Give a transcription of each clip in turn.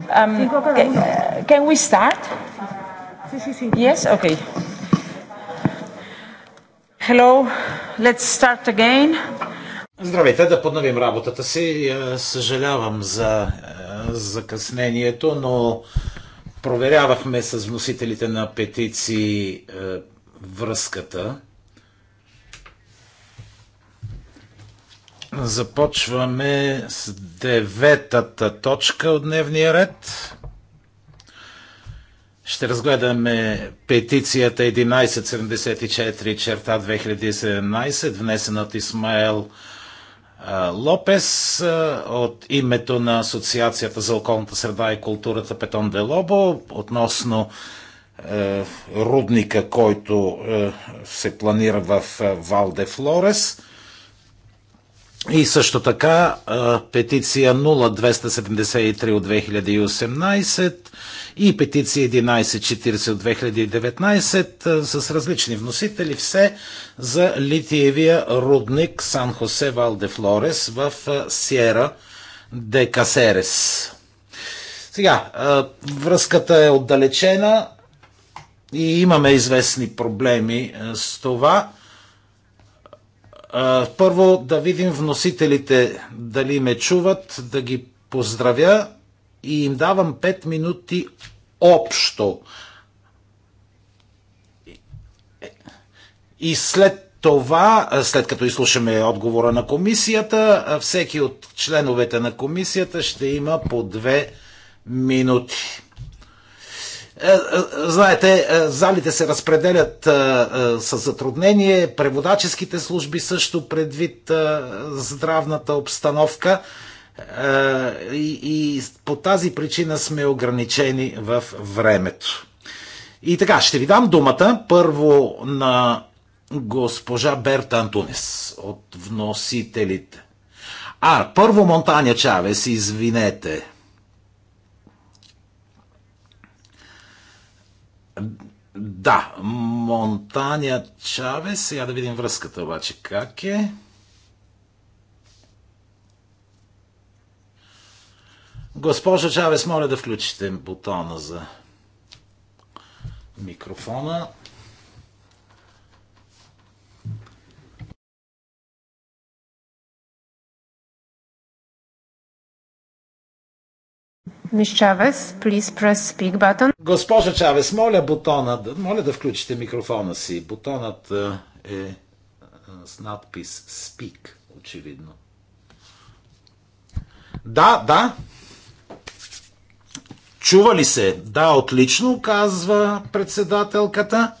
Um, uh, can we start? Yes, okay. Hello, let's start again. Здравейте, да подновим работата си. Е, съжалявам за е, закъснението, но проверявахме с вносителите на петиции е, връзката Започваме с деветата точка от дневния ред. Ще разгледаме петицията 1174 черта 2017, внесена от Исмаел Лопес от името на Асоциацията за околната среда и културата Петон Делобо относно рудника, който се планира в Валде Флорес. И също така петиция 0273 от 2018 и петиция 1140 от 2019 с различни вносители. Все за литиевия рудник Сан Хосе Валде Флорес в Сиера де Касерес. Сега, връзката е отдалечена и имаме известни проблеми с това. Първо да видим вносителите дали ме чуват, да ги поздравя и им давам 5 минути общо. И след това, след като изслушаме отговора на комисията, всеки от членовете на комисията ще има по две минути. Е, е, знаете, е, залите се разпределят с затруднение, преводаческите служби също предвид здравната обстановка и, по тази причина сме ограничени в времето. И така, ще ви дам думата първо на госпожа Берта Антунес от вносителите. А, първо Монтаня Чавес, извинете. Да, Монтания Чавес. Сега да видим връзката обаче как е. Госпожо Чавес, моля да включите бутона за микрофона. Ms. please press speak button. Госпожа Чавес, моля бутона, моля да включите микрофона си. Бутонът е, е с надпис Speak, очевидно. Да, да. Чува ли се? Да, отлично, казва председателката.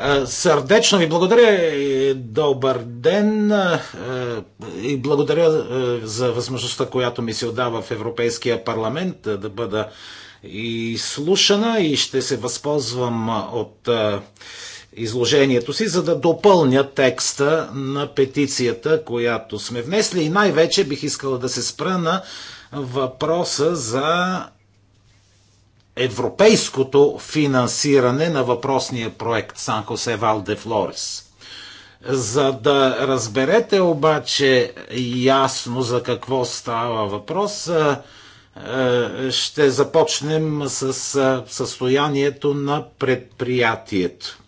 Е, сърдечно ви благодаря и добър ден е, е, и благодаря за възможността, която ми се отдава в Европейския парламент да бъда и слушана и ще се възползвам от изложението си, за да допълня текста на петицията, която сме внесли и най-вече бих искала да се спра на въпроса за европейското финансиране на въпросния проект Сан Хосе Валде Флорис. За да разберете обаче ясно за какво става въпрос, е, е, ще започнем с е, състоянието на предприятието.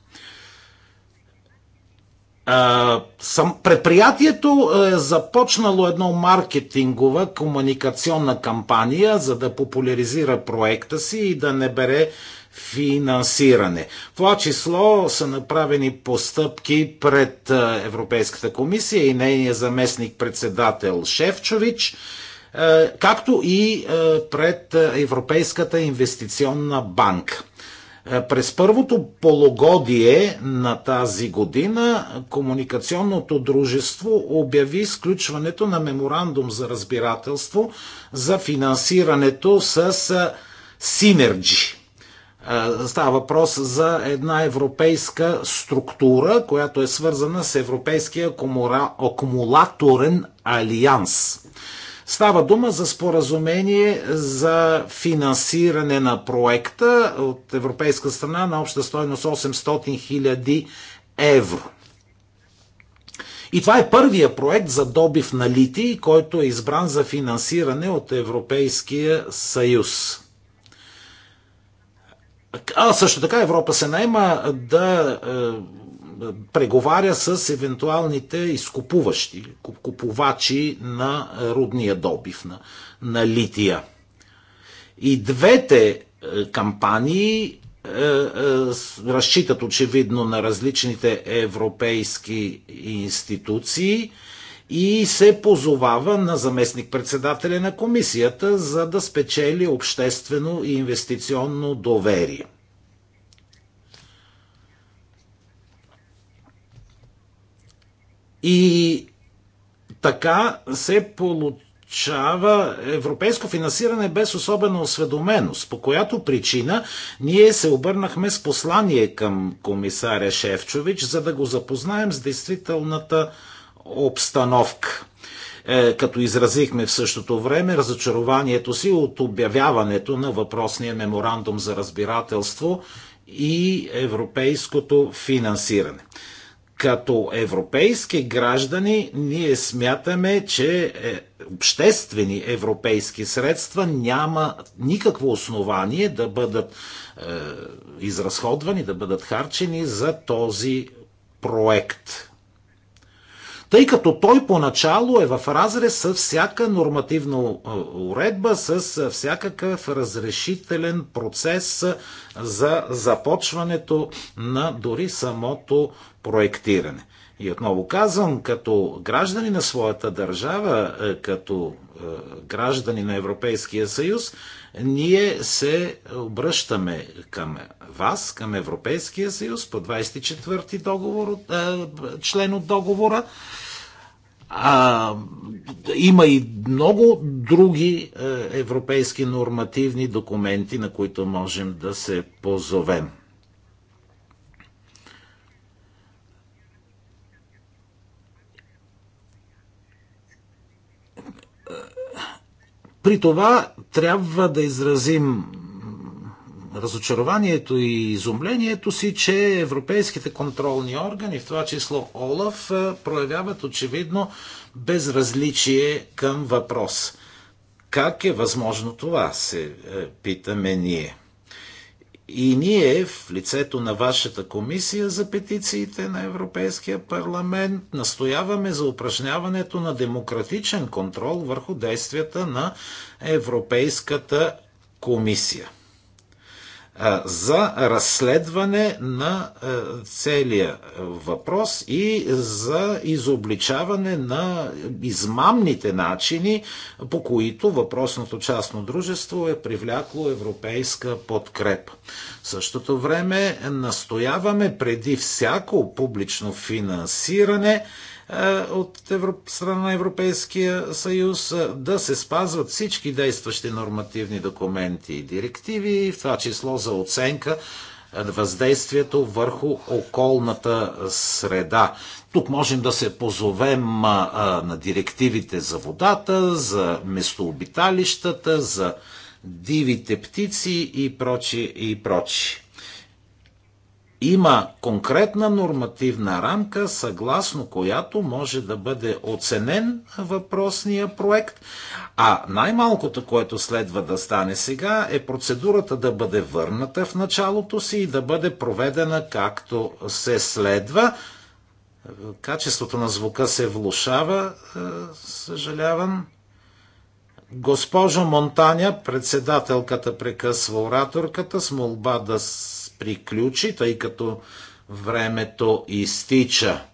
Предприятието е започнало едно маркетингова комуникационна кампания, за да популяризира проекта си и да не бере финансиране. В това число са направени постъпки пред е, Европейската комисия и нейния заместник председател Шевчович, е, както и е, пред Европейската инвестиционна банка. Е, през първото полугодие на тази година комуникационното дружество обяви сключването на меморандум за разбирателство за финансирането с Синерджи. Е, става въпрос за една европейска структура, която е свързана с Европейския акумулаторен алианс. Става дума за споразумение за финансиране на проекта от европейска страна на обща стоеност 800 000 евро. И това е първия проект за добив на литий, който е избран за финансиране от Европейския съюз. А също така Европа се найма да е, преговаря с евентуалните изкупуващи, купувачи на рудния добив, на, на лития. И двете е, кампании е, е, разчитат очевидно на различните европейски институции и се позовава на заместник-председателя на комисията, за да спечели обществено и инвестиционно доверие. И така се получава европейско финансиране без особена осведоменост, по която причина ние се обърнахме с послание към комисаря Шевчович, за да го запознаем с действителната обстановка е, като изразихме в същото време разочарованието си от обявяването на въпросния меморандум за разбирателство и европейското финансиране като европейски граждани ние смятаме, че е, обществени европейски средства няма никакво основание да бъдат е, изразходвани, да бъдат харчени за този проект тъй като той поначало е в разрез с всяка нормативна е, уредба, с е, всякакъв разрешителен процес е, за започването на дори самото проектиране. И отново казвам, като граждани на своята държава, като граждани на Европейския съюз, ние се обръщаме към вас, към Европейския съюз по 24-ти договор, е, член от договора. А, има и много други е, европейски нормативни документи, на които можем да се позовем. При това трябва да изразим разочарованието и изумлението си, че европейските контролни органи, в това число ОЛАФ, проявяват очевидно безразличие към въпрос. Как е възможно това, се е, питаме ние. И ние в лицето на вашата комисия за петициите на Европейския парламент настояваме за упражняването на демократичен контрол върху действията на Европейската комисия за разследване на целия въпрос и за изобличаване на измамните начини, по които въпросното частно дружество е привлякло европейска подкрепа. В същото време настояваме преди всяко публично финансиране е, от Европ... страна на Европейския съюз е, да се спазват всички действащи нормативни документи и директиви, в това число за оценка въздействието върху околната среда. Тук можем да се позовем е, на директивите за водата, за местообиталищата, за дивите птици и прочи и прочи има конкретна нормативна рамка, съгласно която може да бъде оценен въпросния проект, а най-малкото, което следва да стане сега, е процедурата да бъде върната в началото си и да бъде проведена както се следва. Качеството на звука се влушава, е, съжалявам. Госпожо Монтаня, председателката прекъсва ораторката с молба да приключи, тъй като времето изтича.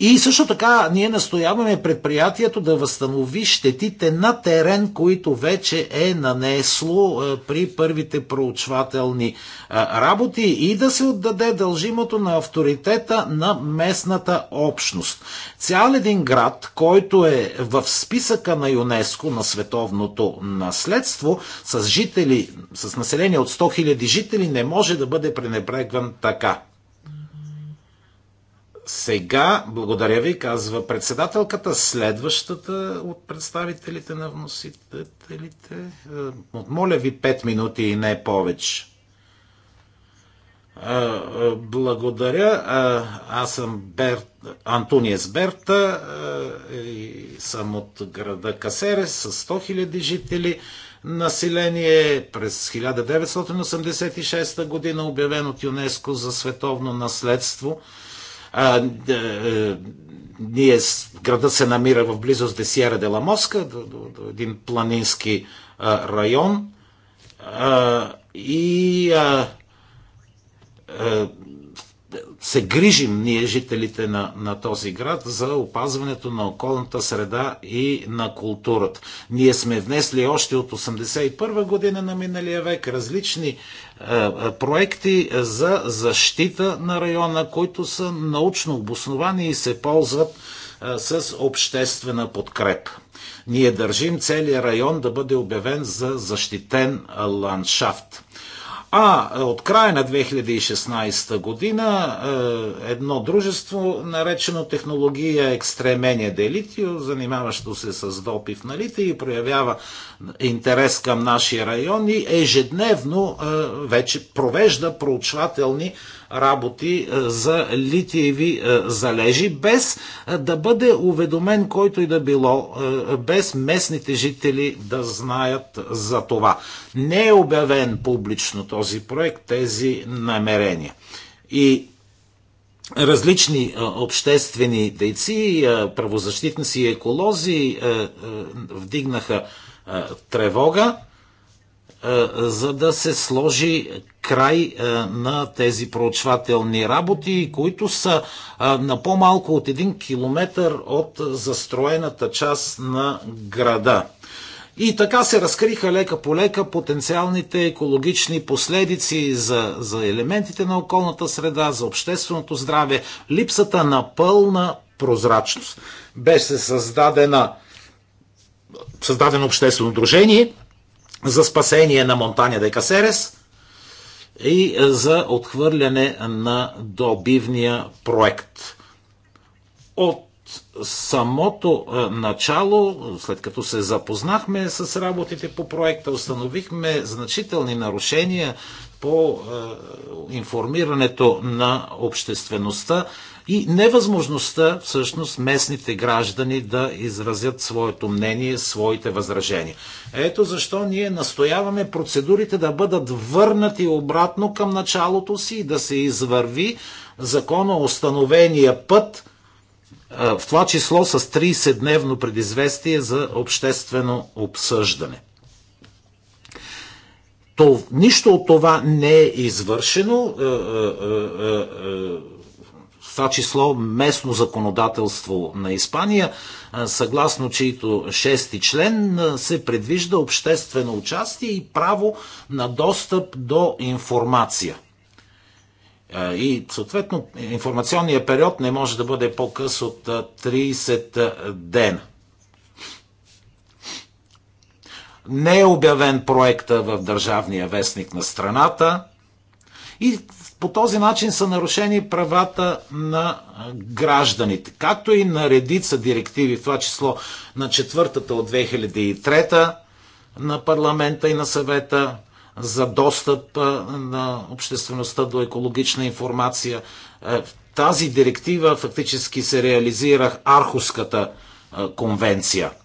И също така ние настояваме предприятието да възстанови щетите на терен, които вече е нанесло е, при първите проучвателни е, работи и да се отдаде дължимото на авторитета на местната общност. Цял един град, който е в списъка на ЮНЕСКО на световното наследство, с жители, с население от 100 000 жители, не може да бъде пренебрегван така сега, благодаря ви, казва председателката, следващата от представителите на вносителите. Е, моля ви 5 минути и не повече. Е, е, благодаря. Аз съм Бер... Антониес Берта и съм от града Касерес с 100 000 жители. Население през 1986 година обявен от ЮНЕСКО за световно наследство – а, е, е ние, града се намира в близост до Сиера де ла Моска, до, до, до един планински а, район. А, и а, а, се грижим ние, жителите на, на този град, за опазването на околната среда и на културата. Ние сме внесли още от 81- година на миналия век различни е, е, проекти за защита на района, които са научно обосновани и се ползват е, с обществена подкрепа. Ние държим целият район да бъде обявен за защитен ландшафт. А е, от края на 2016 година е, едно дружество, наречено технология Екстремения делитио, занимаващо се с допив на и проявява интерес към нашия район и ежедневно е, вече провежда проучвателни работи е, за литиеви е, залежи, без е, да бъде уведомен който и да било, без местните жители да знаят за това. Не е обявен публично този проект, тези намерения. И различни обществени дейци, правозащитници и еколози вдигнаха тревога за да се сложи край на тези проучвателни работи, които са на по-малко от един километр от застроената част на града. И така се разкриха лека по лека потенциалните екологични последици за, за елементите на околната среда, за общественото здраве, липсата на пълна прозрачност. Беше създадена, създадено обществено дружение – за спасение на Монтаня де Касерес и е, за отхвърляне на добивния проект. От самото е, начало, след като се запознахме с работите по проекта, установихме значителни нарушения по е, информирането на обществеността и невъзможността всъщност местните граждани да изразят своето мнение, своите възражения. Ето защо ние настояваме процедурите да бъдат върнати обратно към началото си и да се извърви закона установения път, е, в това число с 30-дневно предизвестие за обществено обсъждане то, нищо от това не е извършено, в е, е, е, това число местно законодателство на Испания, съгласно чието шести член се предвижда обществено участие и право на достъп до информация. И съответно информационният период не може да бъде по-къс от 30 дена. не е обявен проекта в Държавния вестник на страната и по този начин са нарушени правата на гражданите, както и на редица директиви, в това число на четвъртата от 2003 на парламента и на съвета за достъп на обществеността до екологична информация. В е, тази директива фактически се реализира Архуската конвенция –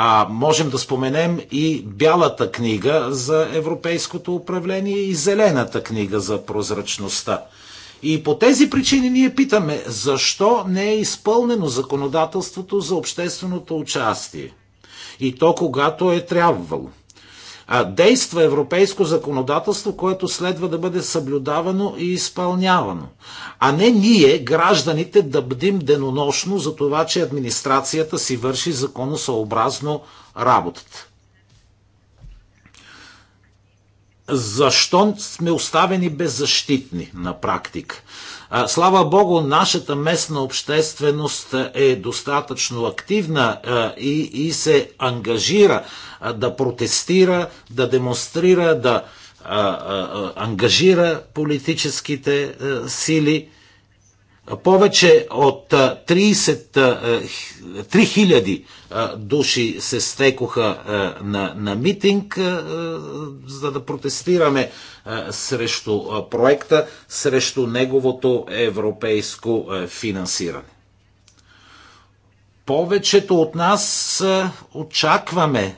а можем да споменем и бялата книга за европейското управление и зелената книга за прозрачността. И по тези причини ние питаме, защо не е изпълнено законодателството за общественото участие? И то когато е трябвало действа европейско законодателство, което следва да бъде съблюдавано и изпълнявано. А не ние, гражданите, да бдим денонощно за това, че администрацията си върши законосъобразно работата. Защо сме оставени беззащитни на практика? Слава Богу, нашата местна общественост е достатъчно активна и, и се ангажира да протестира, да демонстрира, да а, а, ангажира политическите сили повече от 30 3000 души се стекоха на, на митинг, за да протестираме срещу проекта, срещу неговото европейско финансиране. Повечето от нас очакваме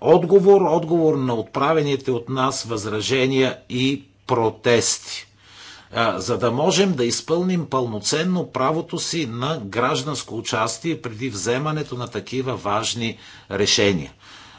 отговор, отговор на отправените от нас възражения и протести за да можем да изпълним пълноценно правото си на гражданско участие преди вземането на такива важни решения.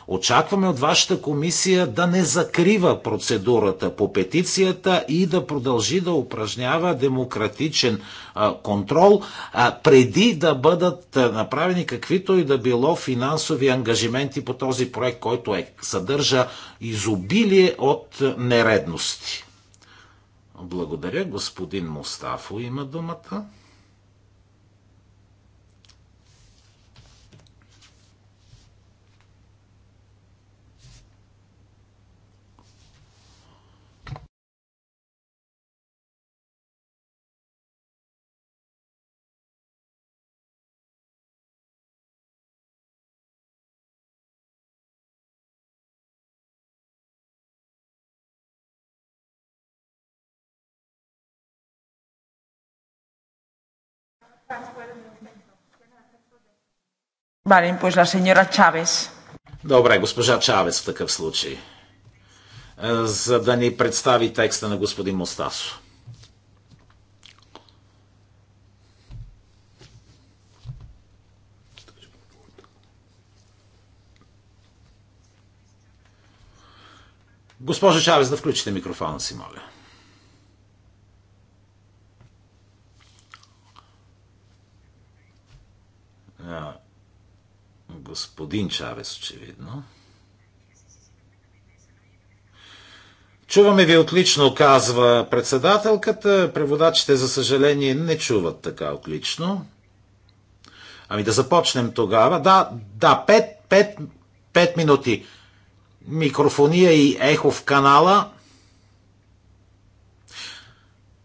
Очакваме от вашата комисия да не закрива процедурата по петицията и да продължи да упражнява демократичен а, контрол а, преди да бъдат направени каквито и да било финансови ангажименти по този проект, който е, съдържа изобилие от нередности. Благодаря. Господин Мустафо има думата. Vale, pues la señora Добре, госпожа Чавес в такъв случай. Е, за да ни представи текста на господин Мостасо. Госпожа Чавес, да включите микрофона си, моля. господин Чавес, очевидно. Чуваме ви отлично, казва председателката. Преводачите, за съжаление, не чуват така отлично. Ами да започнем тогава. Да, да, 5, минути. Микрофония и ехо в канала.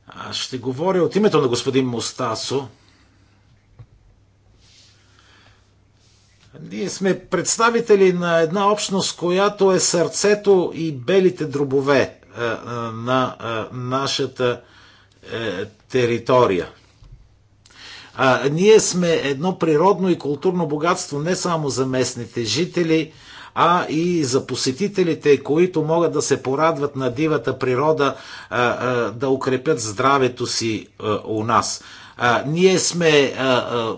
Аз ще говоря от името на господин Мустасо. Ние сме представители на една общност, която е сърцето и белите дробове е, е, на е, нашата територия. А, ние сме едно природно и културно богатство не само за местните жители, а и за посетителите, които могат да се порадват на дивата природа, а, а, да укрепят здравето си а, у нас. А, ние сме а, а,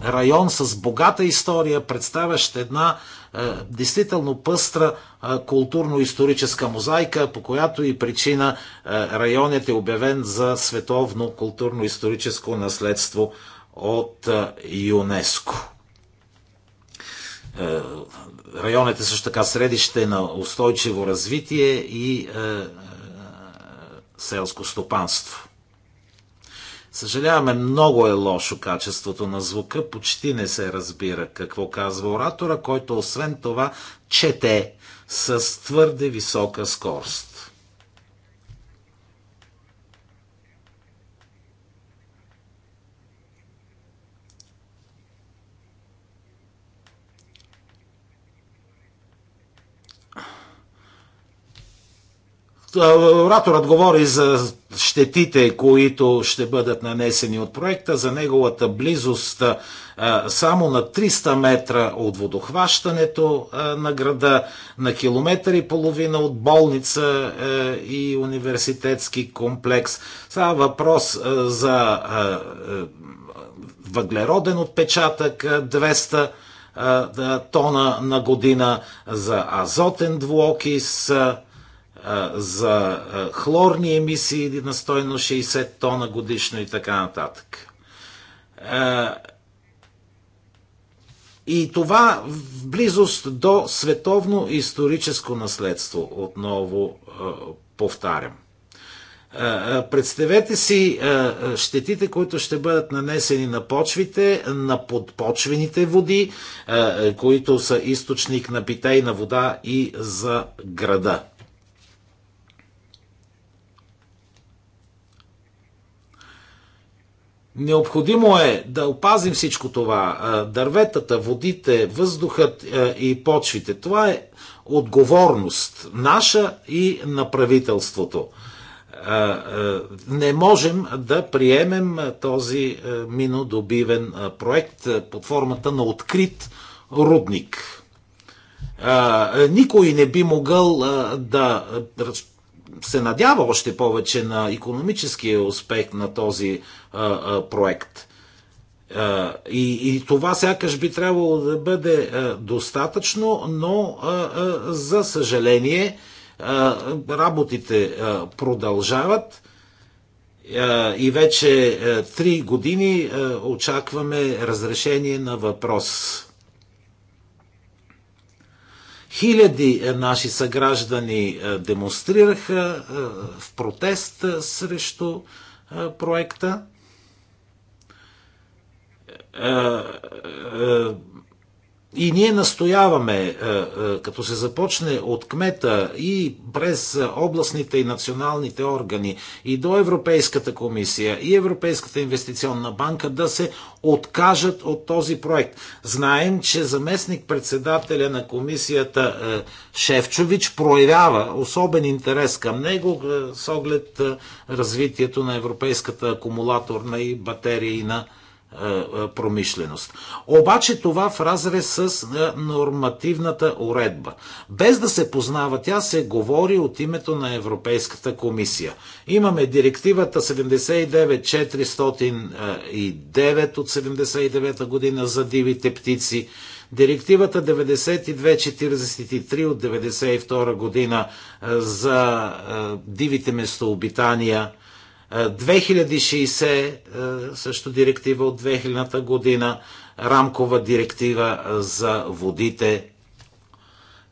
район с богата история, представящ една е, действително пъстра е, културно-историческа мозайка, по която и причина е, районът е обявен за световно културно-историческо наследство от е, ЮНЕСКО. Е, районът е също така средище на устойчиво развитие и е, е, селско стопанство. Съжаляваме, много е лошо качеството на звука, почти не се разбира какво казва оратора, който освен това чете с твърде висока скорост. Ораторът говори за щетите, които ще бъдат нанесени от проекта, за неговата близост само на 300 метра от водохващането на града, на километър и половина от болница и университетски комплекс. Става въпрос за въглероден отпечатък 200 тона на година за азотен двуокис, за хлорни емисии на стойно 60 тона годишно и така нататък. И това в близост до световно историческо наследство, отново повтарям. Представете си щетите, които ще бъдат нанесени на почвите, на подпочвените води, които са източник на питейна вода и за града. Необходимо е да опазим всичко това. Дърветата, водите, въздухът и почвите. Това е отговорност наша и на правителството. Не можем да приемем този минодобивен проект под формата на открит рудник. Никой не би могъл да се надява още повече на економическия успех на този а, а, проект. А, и, и това сякаш би трябвало да бъде а, достатъчно, но а, а, за съжаление а, работите а, продължават а, и вече а, 3 години а, очакваме разрешение на въпрос Хиляди е, наши съграждани е, демонстрираха е, в протест срещу проекта и ние настояваме, е, е, като се започне от кмета и през областните и националните органи и до Европейската комисия и Европейската инвестиционна банка да се откажат от този проект. Знаем, че заместник-председателя на комисията е, Шевчович проявява особен интерес към него с оглед развитието на европейската акумулаторна и и на промишленост. Обаче това в разрез с нормативната уредба. Без да се познава тя, се говори от името на Европейската комисия. Имаме директивата 79409 от 79 година за дивите птици, директивата 9243 от 92 година за дивите местообитания – 2060, е, също директива от 2000 година, рамкова директива е, за водите,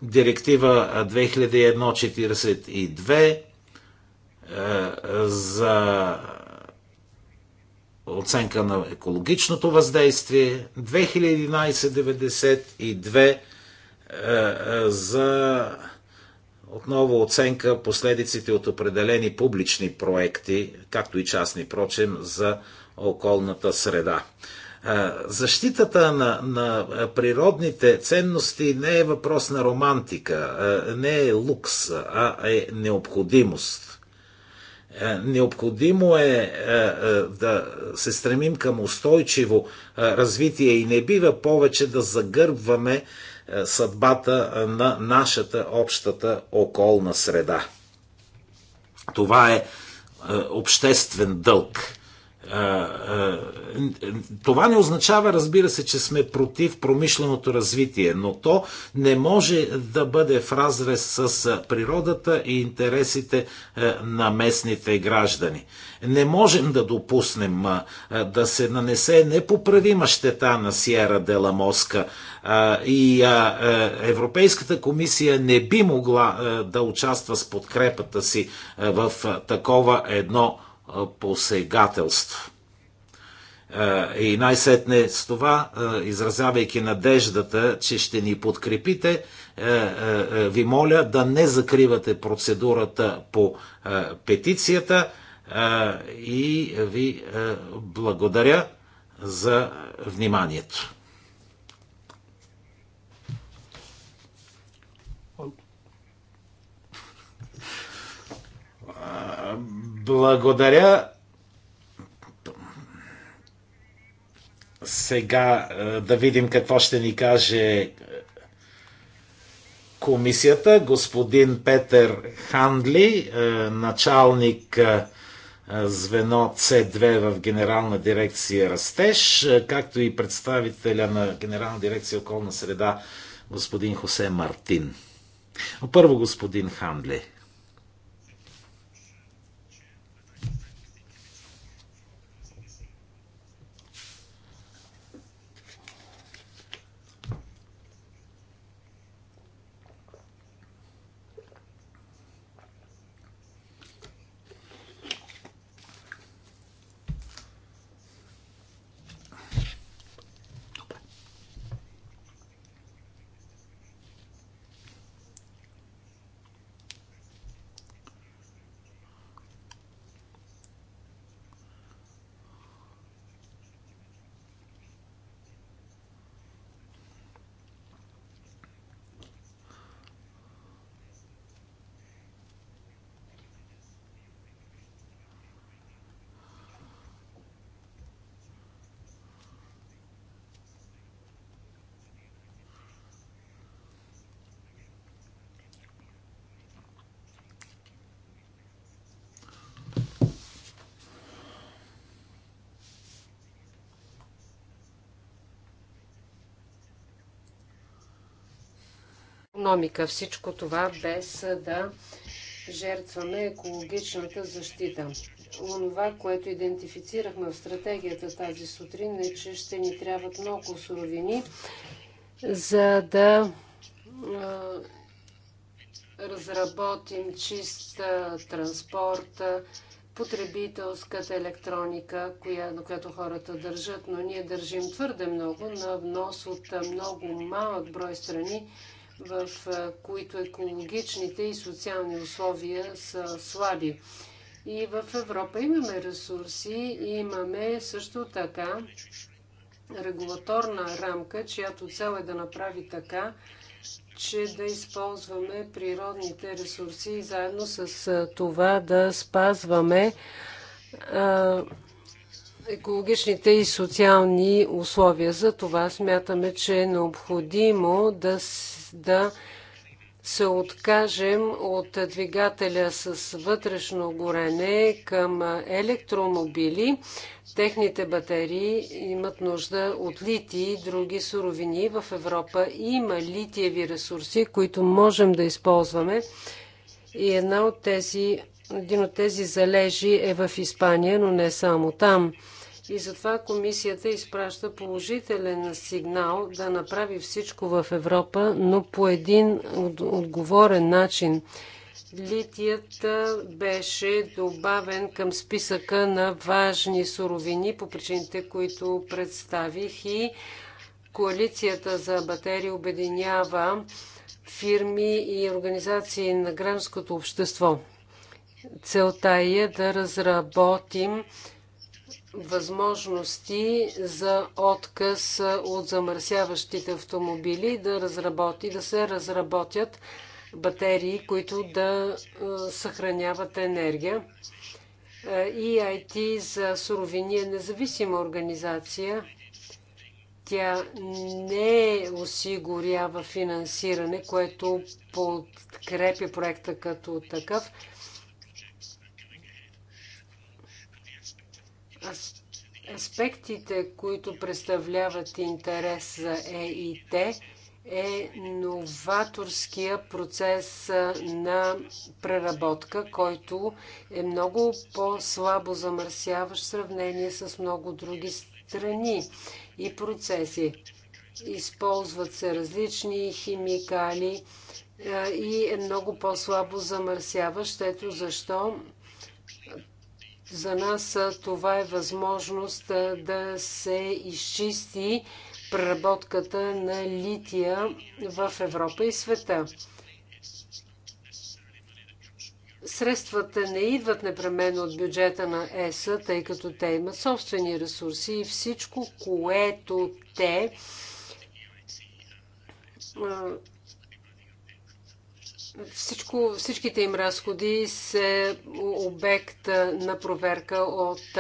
директива 2001-42 е, за оценка на екологичното въздействие, 2011-92 за отново оценка последиците от определени публични проекти, както и частни, прочем, за околната среда. Защитата на, на природните ценности не е въпрос на романтика, не е лукс, а е необходимост. Необходимо е да се стремим към устойчиво развитие и не бива повече да загърбваме е, съдбата е, на нашата общата околна среда. Това е, е обществен дълг това не означава, разбира се, че сме против промишленото развитие, но то не може да бъде в разрез с природата и интересите на местните граждани. Не можем да допуснем да се нанесе непоправима щета на Сиера Моска и Европейската комисия не би могла да участва с подкрепата си в такова едно посегателство. Е, и най-сетне с това, е, изразявайки надеждата, че ще ни подкрепите, е, ви моля да не закривате процедурата по петицията и ви благодаря за вниманието. Благодаря. Сега е, да видим какво ще ни каже е, комисията. Господин Петър Хандли, е, началник звено с 2 в Генерална дирекция Растеж, както и представителя на Генерална дирекция Околна среда, господин Хосе Мартин. Първо господин Хандли. економика. Всичко това без да жертваме екологичната защита. Онова, което идентифицирахме в стратегията тази сутрин е, че ще ни трябват много суровини, за да разработим чист транспорт, потребителската електроника, коя, на която хората държат, но ние държим твърде много на внос от много малък брой страни, в които екологичните и социални условия са слаби. И в Европа имаме ресурси, и имаме също така регулаторна рамка, чиято цел е да направи така, че да използваме природните ресурси и заедно с това да спазваме а, екологичните и социални условия. За това смятаме, че е необходимо да се да се откажем от двигателя с вътрешно горене към електромобили. Техните батерии имат нужда от лити и други суровини. В Европа има литиеви ресурси, които можем да използваме. И една от тези, един от тези залежи е в Испания, но не само там. И затова комисията изпраща положителен сигнал да направи всичко в Европа, но по един отговорен начин. Литият беше добавен към списъка на важни суровини по причините, които представих и коалицията за батерии обединява фирми и организации на гражданското общество. Целта е да разработим възможности за отказ от замърсяващите автомобили да разработи, да се разработят батерии, които да съхраняват енергия. EIT за суровини е независима организация. Тя не осигурява финансиране, което подкрепя проекта като такъв аспектите, които представляват интерес за ЕИТ, е новаторския процес на преработка, който е много по-слабо замърсяващ в сравнение с много други страни и процеси. Използват се различни химикали и е много по-слабо замърсяващ. Ето защо за нас това е възможност да се изчисти преработката на лития в Европа и света. Средствата не идват непременно от бюджета на ЕС, тъй като те имат собствени ресурси и всичко, което те всичко, всичките им разходи са обект на проверка от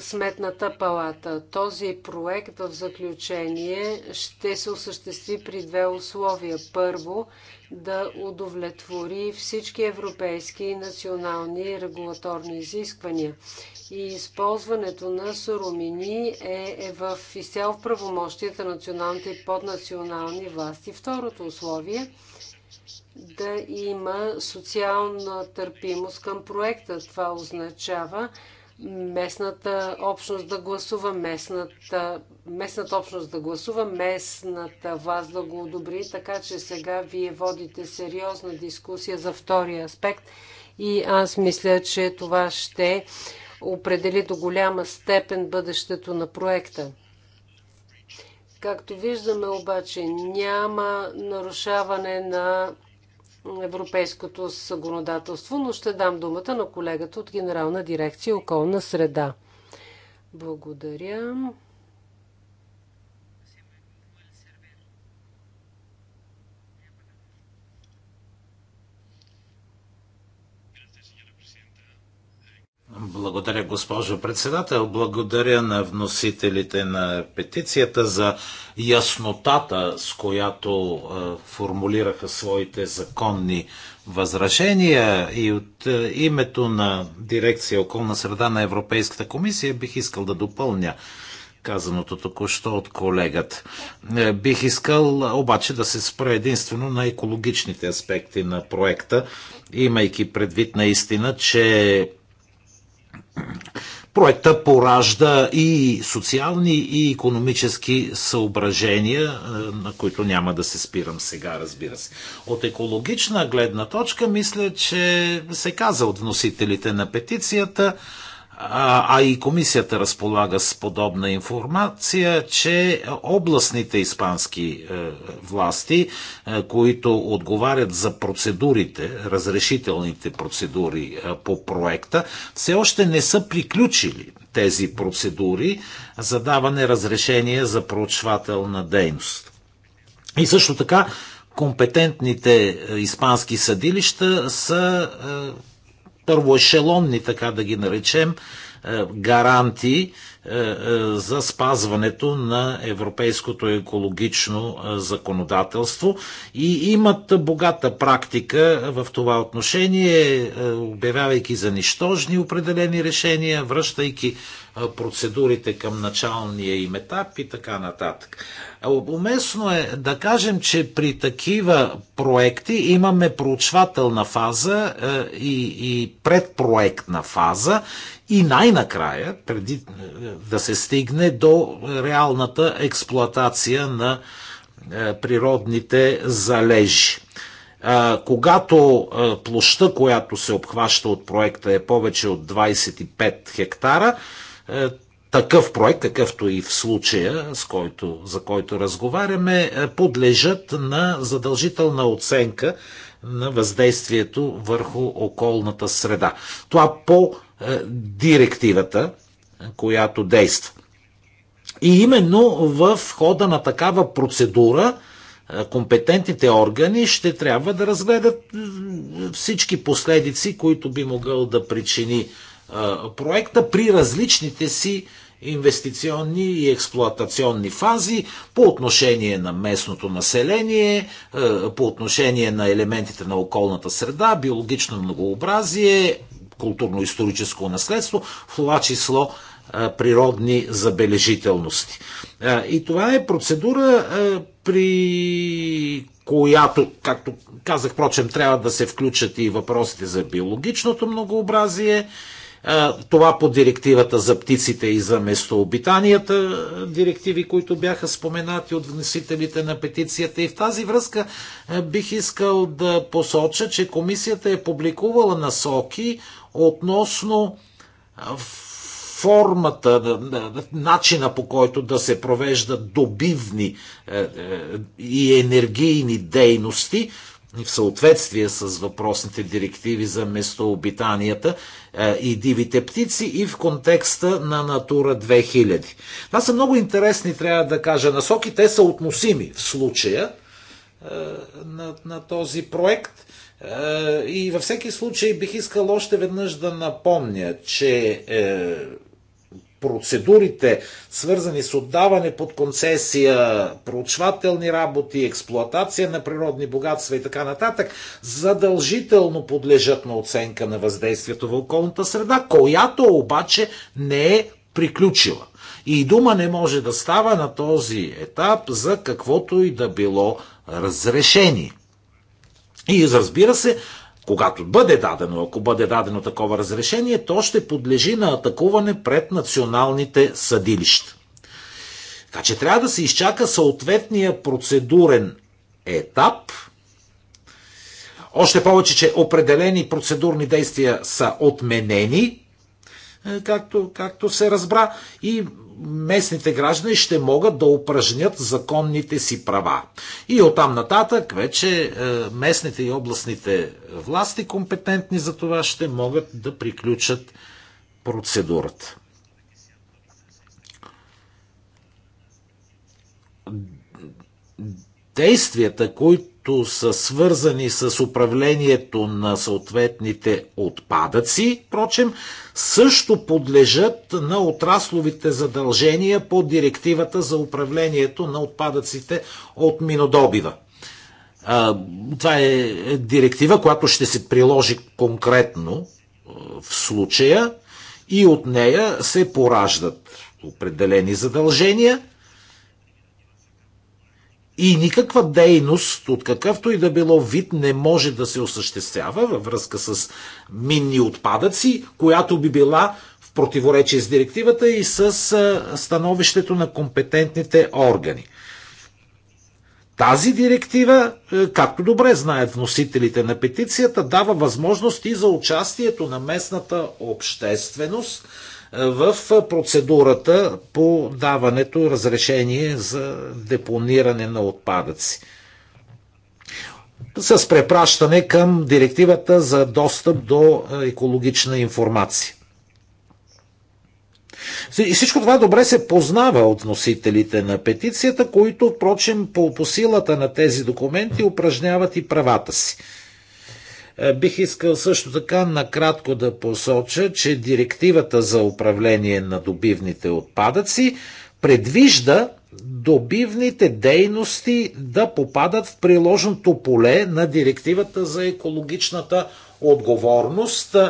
Сметната палата. Този проект в заключение ще се осъществи при две условия. Първо, да удовлетвори всички европейски и национални регулаторни изисквания. И използването на суромини е, е в изцяло в правомощията националните и поднационални власти. Второто условие – да има социална търпимост към проекта. Това означава местната общност да гласува, местната, местната общност да гласува, местната власт да го одобри, така че сега вие водите сериозна дискусия за втория аспект и аз мисля, че това ще определи до голяма степен бъдещето на проекта. Както виждаме обаче, няма нарушаване на европейското съгонодателство, но ще дам думата на колегата от Генерална дирекция околна среда. Благодаря. Благодаря, госпожо председател. Благодаря на вносителите на петицията за яснотата, с която формулираха своите законни възражения. И от името на дирекция околна среда на Европейската комисия бих искал да допълня казаното току-що от колегът. Е, бих искал обаче да се спра единствено на екологичните аспекти на проекта, имайки предвид наистина, че Проекта поражда и социални и економически съображения, е, на които няма да се спирам сега, разбира се. От екологична гледна точка, мисля, че се каза от вносителите на петицията, а и комисията разполага с подобна информация, че областните испански е, власти, е, които отговарят за процедурите, разрешителните процедури е, по проекта, все още не са приключили тези процедури за даване разрешение за проучвателна дейност. И също така компетентните испански съдилища са първоешелонни, така да ги наречем, е, гаранти е, е, за спазването на европейското екологично е, законодателство и имат богата практика в това отношение, обявявайки за нищожни определени решения, връщайки процедурите към началния им етап и така нататък. Уместно е да кажем, че при такива проекти имаме проучвателна фаза и, предпроектна фаза и най-накрая, преди да се стигне до реалната експлоатация на е, природните залежи. Когато е, площта, която се обхваща от проекта е повече от 25 хектара, е, такъв проект, какъвто и в случая, с който, за който разговаряме, подлежат на задължителна оценка на въздействието върху околната среда. Това по директивата която действа. И именно в хода на такава процедура е, компетентните органи ще трябва да разгледат е, всички последици, които би могъл да причини е, проекта при различните си инвестиционни и експлоатационни фази по отношение на местното население, по отношение на елементите на околната среда, биологично многообразие, културно-историческо наследство, в това число природни забележителности. И това е процедура, при която, както казах, прочем, трябва да се включат и въпросите за биологичното многообразие, това по директивата за птиците и за местообитанията, директиви, които бяха споменати от вносителите на петицията. И в тази връзка бих искал да посоча, че комисията е публикувала насоки относно формата, начина по който да се провеждат добивни е, е, и енергийни дейности в съответствие с въпросните директиви за местообитанията е, и дивите птици и в контекста на Натура 2000. Това са много интересни, трябва да кажа, насоки. Те са относими в случая на, на този проект. И във всеки случай бих искал още веднъж да напомня, че процедурите, свързани с отдаване под концесия, проучвателни работи, експлоатация на природни богатства и така нататък, задължително подлежат на оценка на въздействието в околната среда, която обаче не е приключила. И дума не може да става на този етап за каквото и да било разрешение. И разбира се, когато бъде дадено, ако бъде дадено такова разрешение, то ще подлежи на атакуване пред националните съдилища. Така че трябва да се изчака съответния процедурен етап. Още повече, че определени процедурни действия са отменени, е, както, както се разбра, и местните граждани ще могат да упражнят законните си права. И оттам нататък вече е, местните и областните власти, компетентни за това, ще могат да приключат процедурата. Действията, които които са свързани с управлението на съответните отпадъци, впрочем, също подлежат на отрасловите задължения по директивата за управлението на отпадъците от минодобива. Това е директива, която ще се приложи конкретно в случая и от нея се пораждат определени задължения, и никаква дейност от какъвто и да било вид не може да се осъществява във връзка с минни отпадъци, която би била в противоречие с директивата и с становището на компетентните органи. Тази директива, е, както добре знаят вносителите на петицията, дава възможност и за участието на местната общественост в процедурата по даването разрешение за депониране на отпадъци с препращане към директивата за достъп до е, екологична информация. И всичко това добре се познава от носителите на петицията, които, впрочем, по, по силата на тези документи упражняват и правата си. Е, бих искал също така накратко да посоча, че директивата за управление на добивните отпадъци предвижда добивните дейности да попадат в приложното поле на директивата за екологичната отговорност е,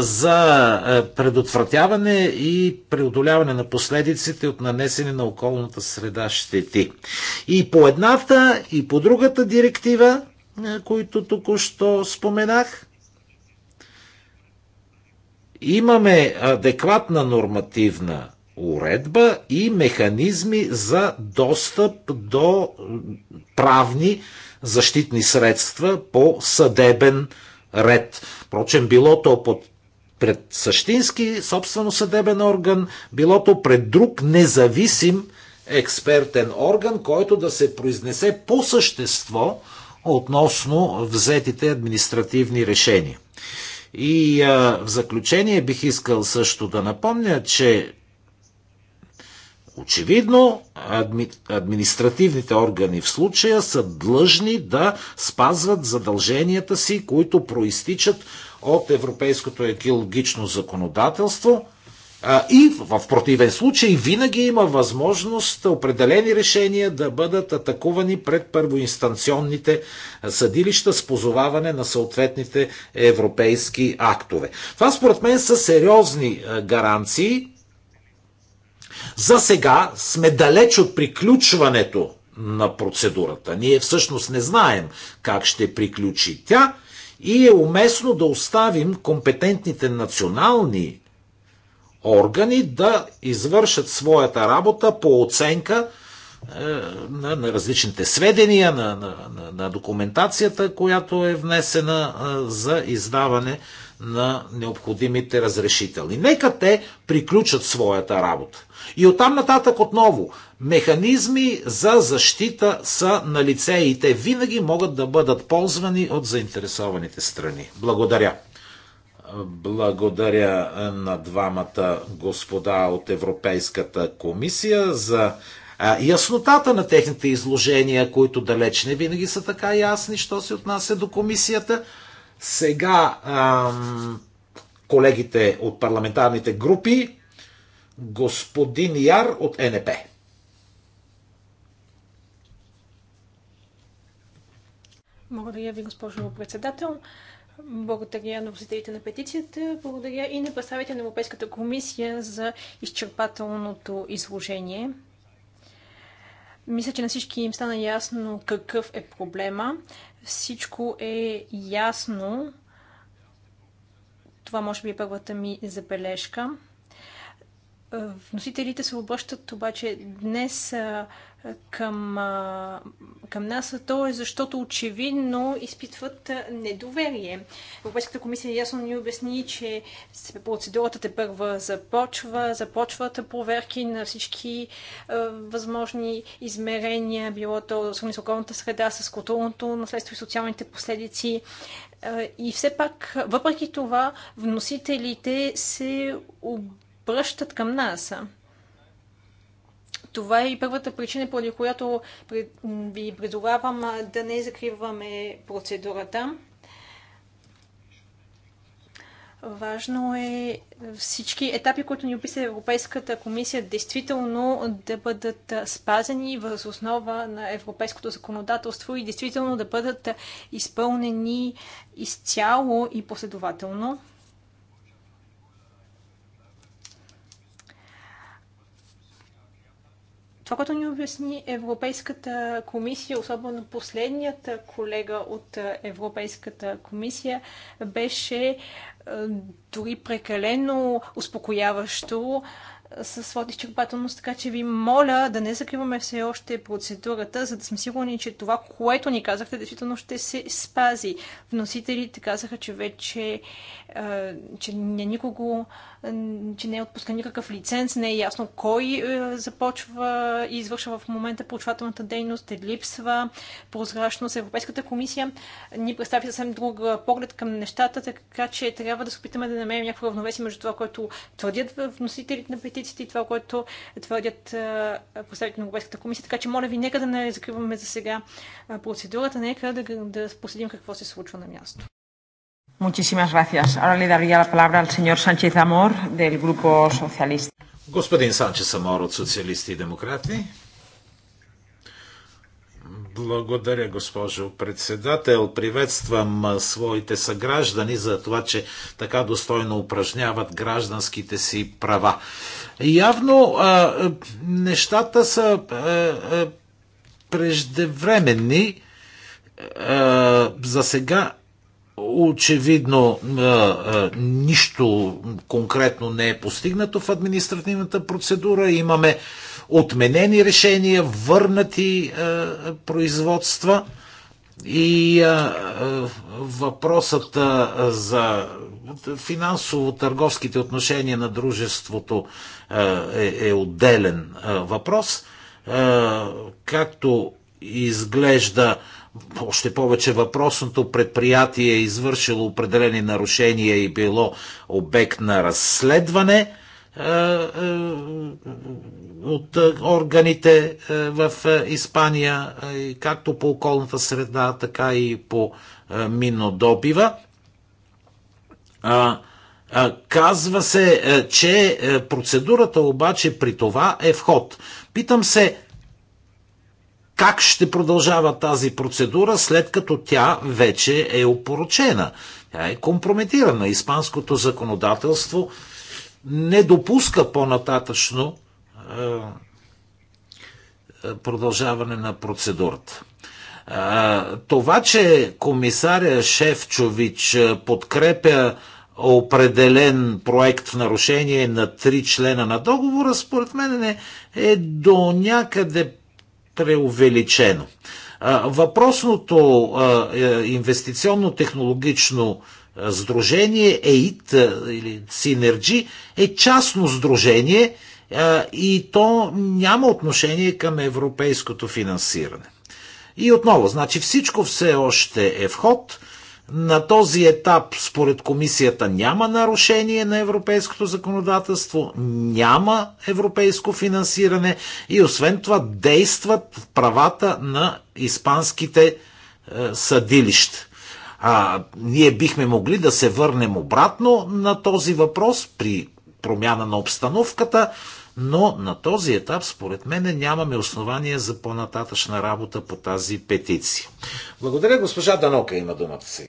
за е, предотвратяване и преодоляване на последиците от нанесени на околната среда щети. И по едната, и по другата директива е, които току-що споменах. Имаме адекватна нормативна уредба и механизми за достъп до правни защитни средства по съдебен ред. Впрочем, било то под пред същински собствено съдебен орган, било то пред друг независим експертен орган, който да се произнесе по същество относно взетите административни решения. И а, в заключение бих искал също да напомня, че Очевидно, адми... административните органи в случая са длъжни да спазват задълженията си, които проистичат от европейското екологично законодателство, и в противен случай винаги има възможност определени решения да бъдат атакувани пред първоинстанционните съдилища с позоваване на съответните европейски актове. Това според мен са сериозни гаранции. За сега сме далеч от приключването на процедурата. Ние всъщност не знаем как ще приключи тя и е уместно да оставим компетентните национални органи да извършат своята работа по оценка е, на, на различните сведения, на, на, на документацията, която е внесена е, за издаване на необходимите разрешителни. Нека те приключат своята работа. И оттам нататък отново, механизми за защита са на лице и те винаги могат да бъдат ползвани от заинтересованите страни. Благодаря. Благодаря на двамата господа от Европейската комисия за яснотата на техните изложения, които далеч не винаги са така ясни, що се отнася до комисията. Сега ам, колегите от парламентарните групи, господин Яр от НП. Благодаря ви, госпожо председател. Благодаря на вносителите на петицията, благодаря и на представите на Европейската комисия за изчерпателното изложение. Мисля, че на всички им стана ясно какъв е проблема. Всичко е ясно. Това може би е първата ми забележка. Вносителите се обръщат обаче днес към, към нас, то е защото очевидно изпитват недоверие. Европейската комисия ясно ни обясни, че процедурата те първа започва, започват проверки на всички е, възможни измерения, било то с околната среда, с културното наследство и социалните последици. Е, и все пак, въпреки това, вносителите се обръщат към нас. Това е и първата причина, поради която ви призовавам да не закриваме процедурата. Важно е всички етапи, които ни описа Европейската комисия, действително да бъдат спазени въз основа на европейското законодателство и действително да бъдат изпълнени изцяло и последователно. Това, което ни обясни Европейската комисия, особено последният колега от Европейската комисия, беше дори прекалено успокояващо със своята изчерпателност, така че ви моля да не закриваме все още процедурата, за да сме сигурни, че това, което ни казахте, действително ще се спази. Вносителите казаха, че вече че не е никого, че не е отпуска никакъв лиценз, не е ясно кой започва и извършва в момента проучвателната дейност, е липсва прозрачност. Европейската комисия ни представи съвсем друг поглед към нещата, така че трябва да се опитаме да намерим някакво равновесие между това, което твърдят вносителите на петиция политиците и това, което твърдят представите на Европейската комисия. Така че, моля ви, нека да не закриваме за сега процедурата, нека да, да последим какво се случва на място. Muchísimas gracias. Ahora le daría la palabra al señor Sánchez Amor del Grupo Socialista. Господин Санчес Амор от Социалисти и Демократи. Благодаря, госпожо председател. Приветствам своите съграждани за това, че така достойно упражняват гражданските си права. Явно а, нещата са а, а, преждевременни. А, за сега очевидно а, а, нищо конкретно не е постигнато в административната процедура. Имаме отменени решения, върнати а, производства. А, и а, а, въпросът а, за финансово-търговските отношения на дружеството а, е, е отделен а, въпрос. А, както изглежда, още повече въпросното предприятие е извършило определени нарушения и било обект на разследване – е, е, от органите е, в Испания, както по околната среда, така и по минодобива. Казва се, че процедурата обаче при това е вход. Питам се, как ще продължава тази процедура, след като тя вече е опорочена? Тя е компрометирана. Испанското законодателство не допуска по-нататъчно е, е, продължаване на процедурата. Това, че комисаря Шефчович е, подкрепя определен проект в нарушение на три члена на договора, според мен е до някъде преувеличено. Въпросното инвестиционно-технологично сдружение, ЕИТ или Синерджи е частно сдружение и то няма отношение към европейското финансиране. И отново, значи всичко все още е в ход. На този етап, според комисията, няма нарушение на европейското законодателство, няма европейско финансиране и освен това действат правата на испанските е, съдилища. А, ние бихме могли да се върнем обратно на този въпрос при промяна на обстановката, но на този етап, според мен, нямаме основания за по-нататъчна работа по тази петиция. Благодаря, госпожа Данока има думата си.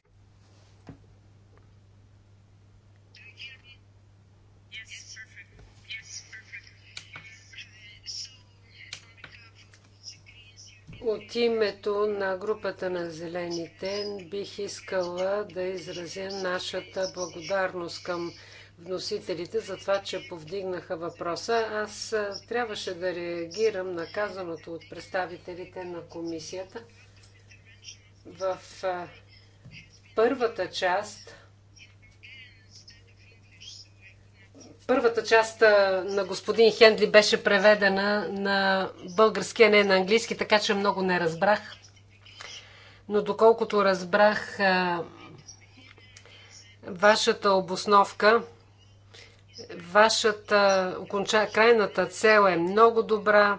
От името на групата на Зелените бих искала да изразя нашата благодарност към вносителите за това, че повдигнаха въпроса. Аз трябваше да реагирам на казаното от представителите на комисията. В първата част Първата част на господин Хендли беше преведена на български, а не на английски, така че много не разбрах. Но доколкото разбрах вашата обосновка, вашата оконча, крайната цел е много добра.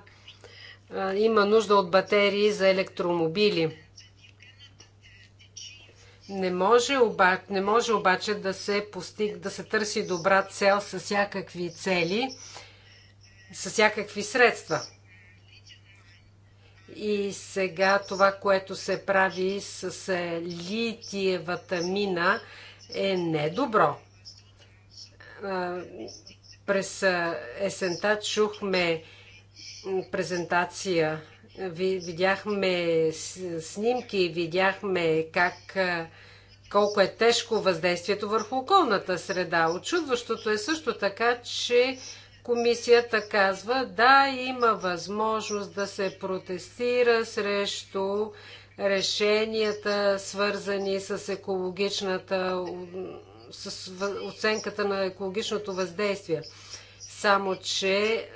Има нужда от батерии за електромобили. Не може, обаче, не може обаче да се постиг, да се търси добра цел с всякакви цели, с всякакви средства. И сега това, което се прави с е, литиевата мина е недобро. През есента чухме презентация Видяхме снимки, видяхме как колко е тежко въздействието върху околната среда. Очудващото е също така, че комисията казва, да, има възможност да се протестира срещу решенията, свързани с екологичната, с оценката на екологичното въздействие. Само, че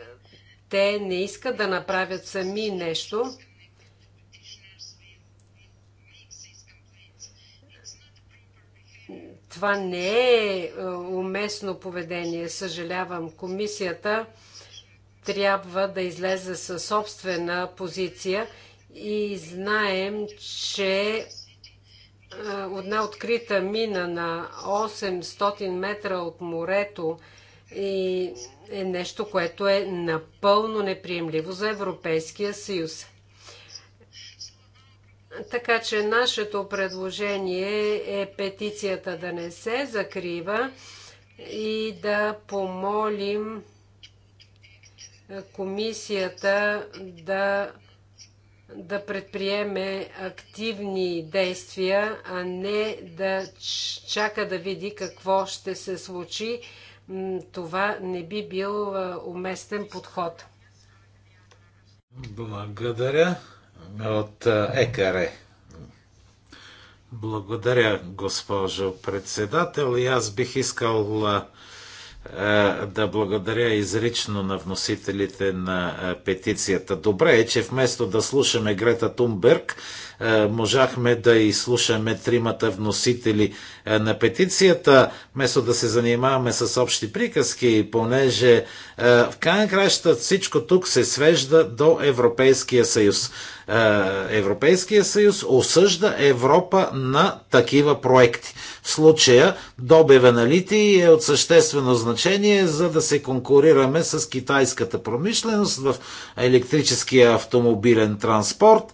те не искат да направят сами нещо. Това не е, е уместно поведение. Съжалявам, комисията трябва да излезе със собствена позиция и знаем, че е, една открита мина на 800 метра от морето и е нещо, което е напълно неприемливо за Европейския съюз. Така че нашето предложение е петицията да не се закрива и да помолим комисията да, да предприеме активни действия, а не да чака да види какво ще се случи това не би бил уместен подход. Благодаря от ЕКАРЕ. Благодаря, госпожо председател. И аз бих искал е, да благодаря изрично на вносителите на петицията. Добре е, че вместо да слушаме Грета Тунберг, е, можахме да изслушаме тримата вносители е, на петицията, вместо да се занимаваме с общи приказки, понеже е, в крайна краща всичко тук се свежда до Европейския съюз. Европейския съюз осъжда Европа на такива проекти. В случая добива на литий е от съществено значение, за да се конкурираме с китайската промишленост в електрическия автомобилен транспорт.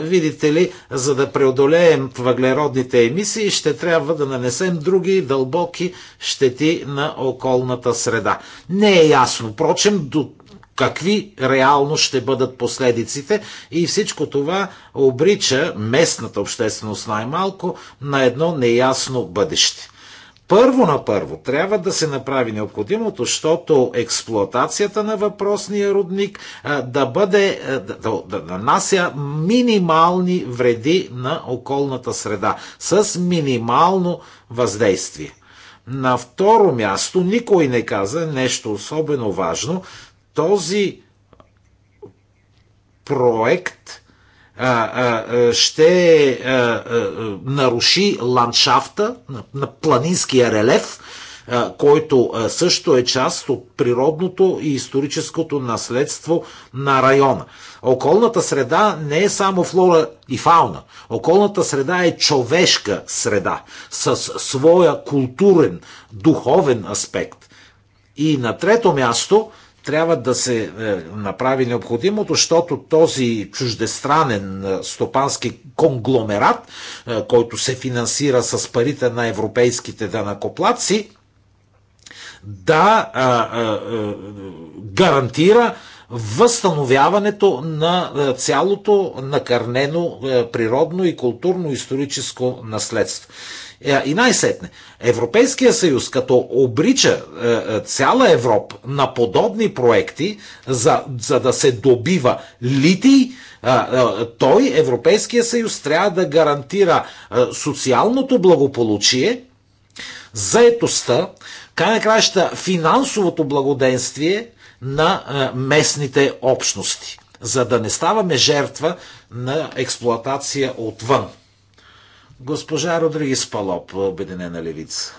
видите цели, за да преодолеем въглеродните емисии, ще трябва да нанесем други дълбоки щети на околната среда. Не е ясно, впрочем, до какви реално ще бъдат последиците и всичко това обрича местната общественост най-малко на едно неясно бъдеще първо на първо трябва да се направи необходимото, защото експлоатацията на въпросния родник да бъде, да, да нанася минимални вреди на околната среда с минимално въздействие. На второ място, никой не каза нещо особено важно, този проект ще наруши ландшафта на планинския релеф, който също е част от природното и историческото наследство на района. Околната среда не е само флора и фауна. Околната среда е човешка среда с своя културен, духовен аспект. И на трето място – трябва да се е, направи необходимото, защото този чуждестранен е, стопански конгломерат, е, който се финансира с парите на европейските данакоплаци, да а, а, а, гарантира възстановяването на цялото накърнено природно и културно-историческо наследство. Е, и най-сетне, Европейския съюз, като обрича е, е, цяла Европа на подобни проекти, за, за да се добива литий, той, Европейския съюз, трябва да гарантира социалното благополучие, заетостта, край на краща финансовото благоденствие на местните общности, за да не ставаме жертва на експлоатация отвън. Госпожа Родригес Палоп, Обединена левица.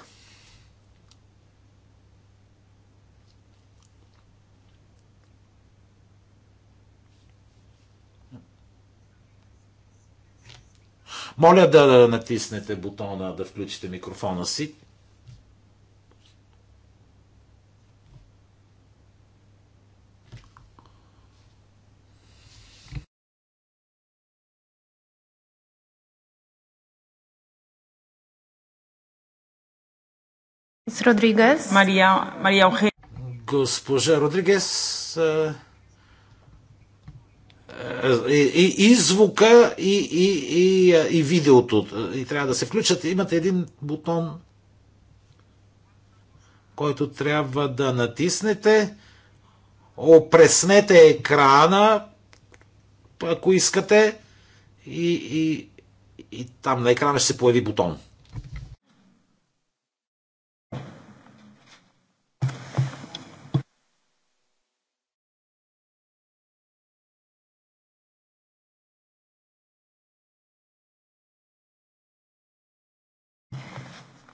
Моля да натиснете бутона да включите микрофона си. Мария, Мария Госпожа Родригес. И, и, и звука, и, и, и, и видеото. И трябва да се включат. Имате един бутон, който трябва да натиснете. Опреснете екрана, ако искате. И, и, и там на екрана ще се появи бутон.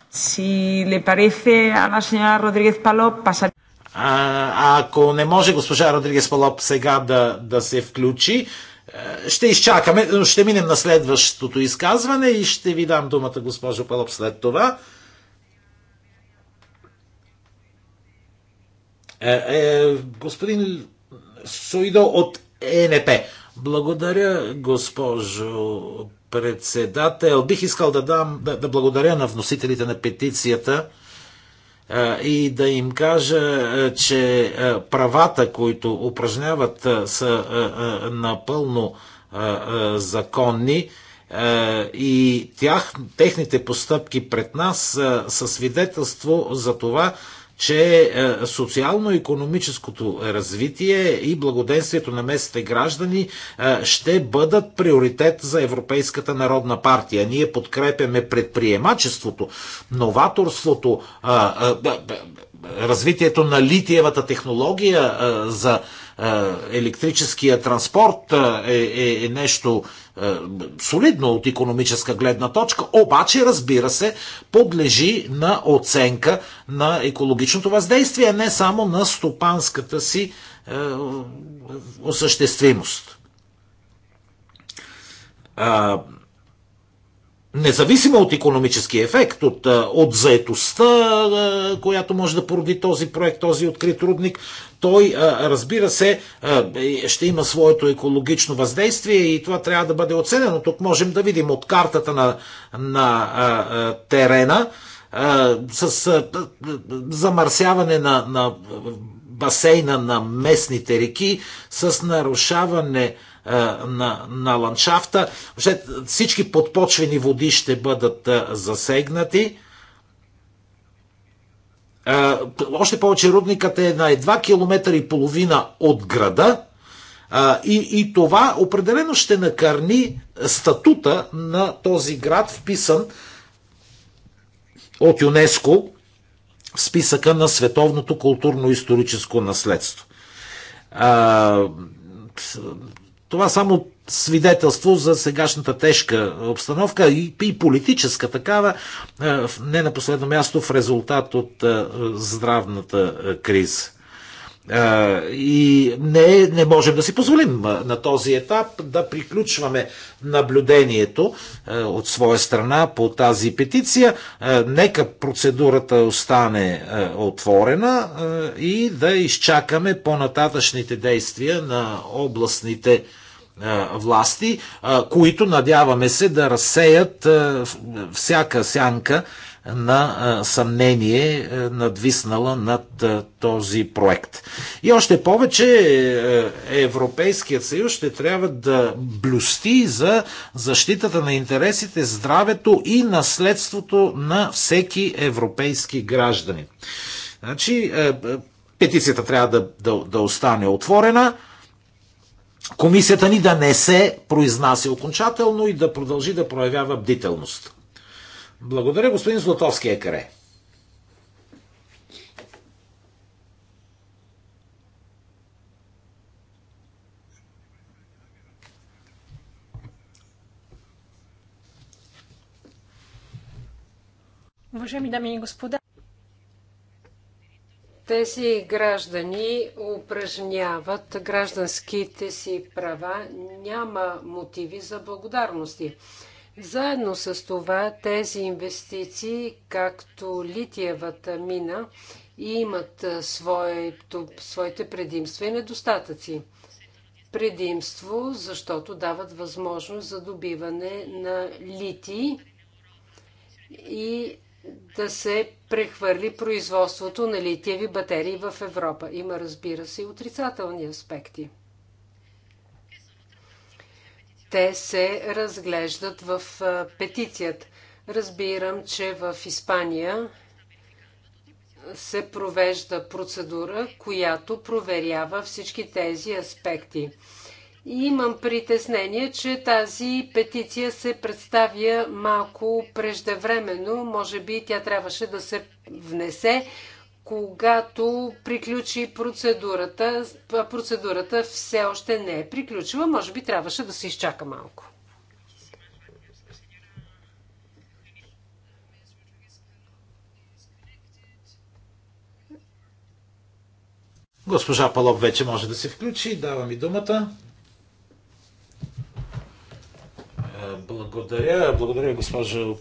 Si le parece a la señora Rodríguez Palop, pasar... А, ако не може госпожа Родригес Палоп сега да, да се включи, е, ще изчакаме, ще минем на следващото изказване и ще ви дам думата, госпожо Палоп, след това. Е, е, господин Суидо от ЕНП. Благодаря, госпожо председател. Бих искал да, дам, да, да благодаря на вносителите на петицията и да им кажа, че правата, които упражняват, са напълно законни и тях, техните постъпки пред нас са свидетелство за това, че е, социално-економическото развитие и благоденствието на местните граждани е, ще бъдат приоритет за Европейската народна партия. Ние подкрепяме предприемачеството, новаторството, е, развитието на литиевата технология за електрическия транспорт е, е, е нещо е, солидно от економическа гледна точка, обаче, разбира се, подлежи на оценка на екологичното въздействие, не само на стопанската си е, осъществимост независимо от економически ефект, от, от заетостта, която може да породи този проект, този открит рудник, той, разбира се, е, ще има своето екологично въздействие и това трябва да бъде оценено. Тук можем да видим от картата на, на терена с замърсяване на, на басейна на местните реки, с нарушаване е, на, на ландшафта. Въобще, всички подпочвени води ще бъдат е, засегнати. Е, още повече рудникът е на едва километър и половина от града. И, и това определено ще накърни статута на този град, вписан от ЮНЕСКО в списъка на световното културно-историческо наследство. Това само свидетелство за сегашната тежка обстановка и, и политическа такава, е, не на последно място в резултат от е, здравната е, криза. И не, не можем да си позволим на този етап да приключваме наблюдението от своя страна по тази петиция. Нека процедурата остане отворена и да изчакаме по-нататъчните действия на областните власти, които надяваме се да разсеят всяка сянка на съмнение, надвиснала над този проект. И още повече Европейският съюз ще трябва да блюсти за защитата на интересите, здравето и наследството на всеки европейски граждани. Значи, петицията трябва да, да, да остане отворена. Комисията ни да не се произнася окончателно и да продължи да проявява бдителност. Благодаря, господин Златовски Екаре. Уважаеми дами и господа, тези граждани упражняват гражданските си права. Няма мотиви за благодарности. Заедно с това тези инвестиции, както литиевата мина, имат своето, своите предимства и недостатъци. Предимство, защото дават възможност за добиване на литий и да се прехвърли производството на литиеви батерии в Европа. Има, разбира се, и отрицателни аспекти те се разглеждат в петицията. Разбирам, че в Испания се провежда процедура, която проверява всички тези аспекти. И имам притеснение, че тази петиция се представя малко преждевременно. Може би тя трябваше да се внесе когато приключи процедурата. Процедурата все още не е приключила. Може би трябваше да се изчака малко. Госпожа Палоп вече може да се включи. Дава ми думата. Благодаря. Благодаря, госпожо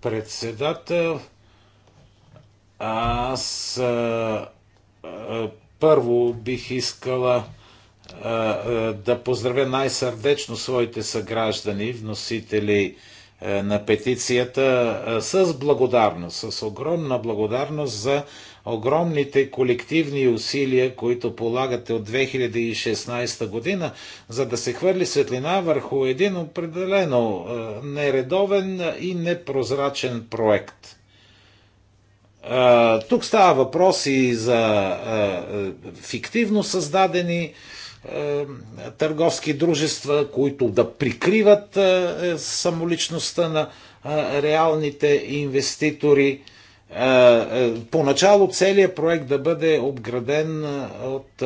председател. Аз а, а, първо бих искала а, а, да поздравя най-сърдечно своите съграждани, вносители а, на петицията, а, с благодарност, с огромна благодарност за огромните колективни усилия, които полагате от 2016 година, за да се хвърли светлина върху един определено нередовен и непрозрачен проект. Тук става въпрос и за фиктивно създадени търговски дружества, които да прикриват е, самоличността на реалните инвеститори. Поначало целият проект да бъде обграден от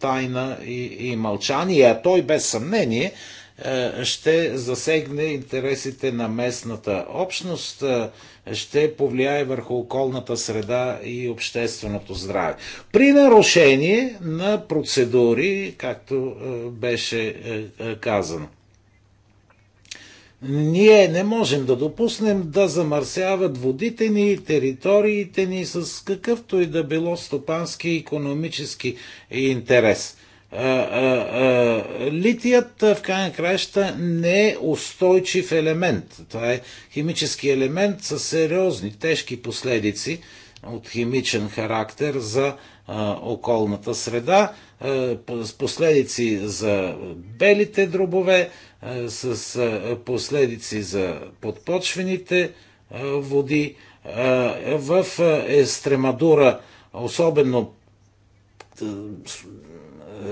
тайна и, и мълчание, а той без съмнение е, ще засегне интересите на местната общност, е, ще повлияе върху околната среда и общественото здраве. При нарушение на процедури, както е, беше казано. Ние не можем да допуснем да замърсяват водите ни и териториите ни с какъвто и да било стопански и економически интерес – е, е, е, литият в крайна краща не е устойчив елемент. Това е химически елемент с сериозни, тежки последици от химичен характер за околната среда, с последици за белите дробове, с последици за подпочвените води. В Естремадура особено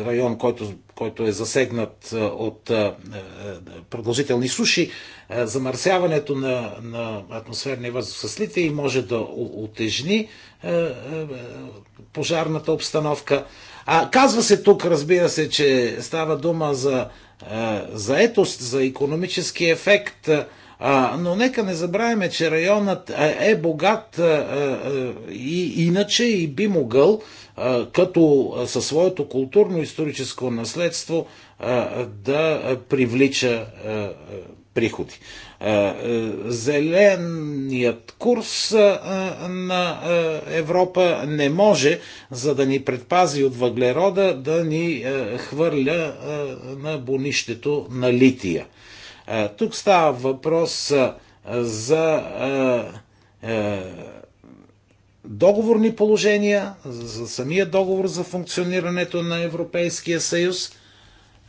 район, който, който е засегнат от е, продължителни суши, замърсяването на, на атмосферния въздух с и може да отежни е, пожарната обстановка. А казва се тук, разбира се, че става дума за заетост, за економически ефект, но нека не забравяме, че районът е богат и иначе и би могъл като със своето културно-историческо наследство да привлича приходи. Зеленият курс на Европа не може, за да ни предпази от въглерода, да ни хвърля на бонището на лития. Тук става въпрос за договорни положения, за самия договор за функционирането на Европейския съюз,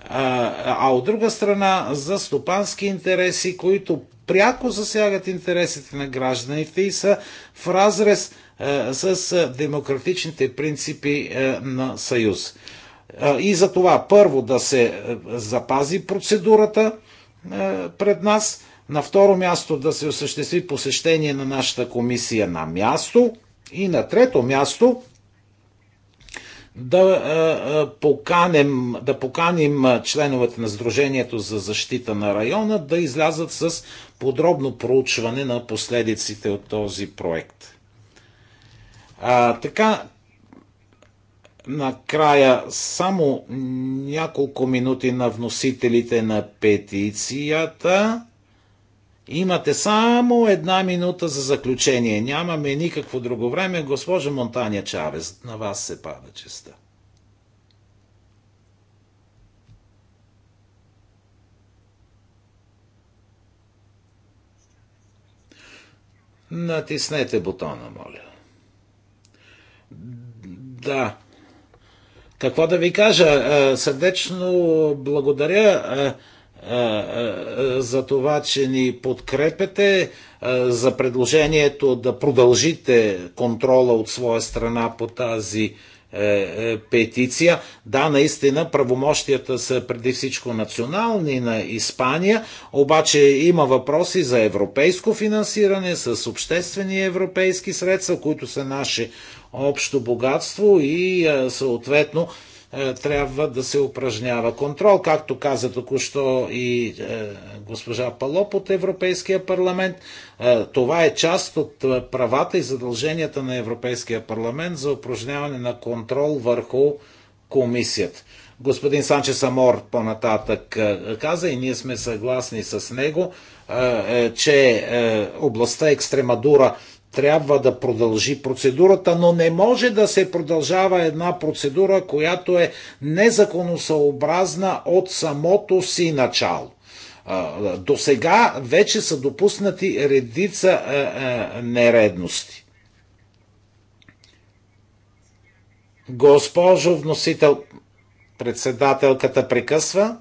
а, а от друга страна за стопански интереси, които пряко засягат интересите на гражданите и са в разрез а, е, с е, демократичните принципи а, е, на съюз. И за това първо да се запази процедурата пред нас, на второ място да се осъществи посещение на нашата комисия на място, и на трето място да поканим, да поканим членовете на Сдружението за защита на района да излязат с подробно проучване на последиците от този проект. А, така, накрая само няколко минути на вносителите на петицията. Имате само една минута за заключение. Нямаме никакво друго време. Госпожа Монтаня Чавес, на вас се пада честа. Натиснете бутона, моля. Да. Какво да ви кажа? Е, сърдечно благодаря. Е, за това, че ни подкрепяте за предложението да продължите контрола от своя страна по тази е, е, петиция. Да, наистина правомощията са преди всичко национални на Испания, обаче има въпроси за европейско финансиране с обществени европейски средства, които са наше общо богатство и е, съответно е, трябва да се упражнява контрол, както каза току-що и е, госпожа Палоп от Европейския парламент. Е, това е част от правата и задълженията на Европейския парламент за упражняване на контрол върху комисията. Господин Санчес Амор по-нататък каза и ние сме съгласни с него, че областта Екстремадура трябва да продължи процедурата, но не може да се продължава една процедура, която е незаконосъобразна от самото си начало. До сега вече са допуснати редица нередности. Госпожо вносител, председателката прекъсва.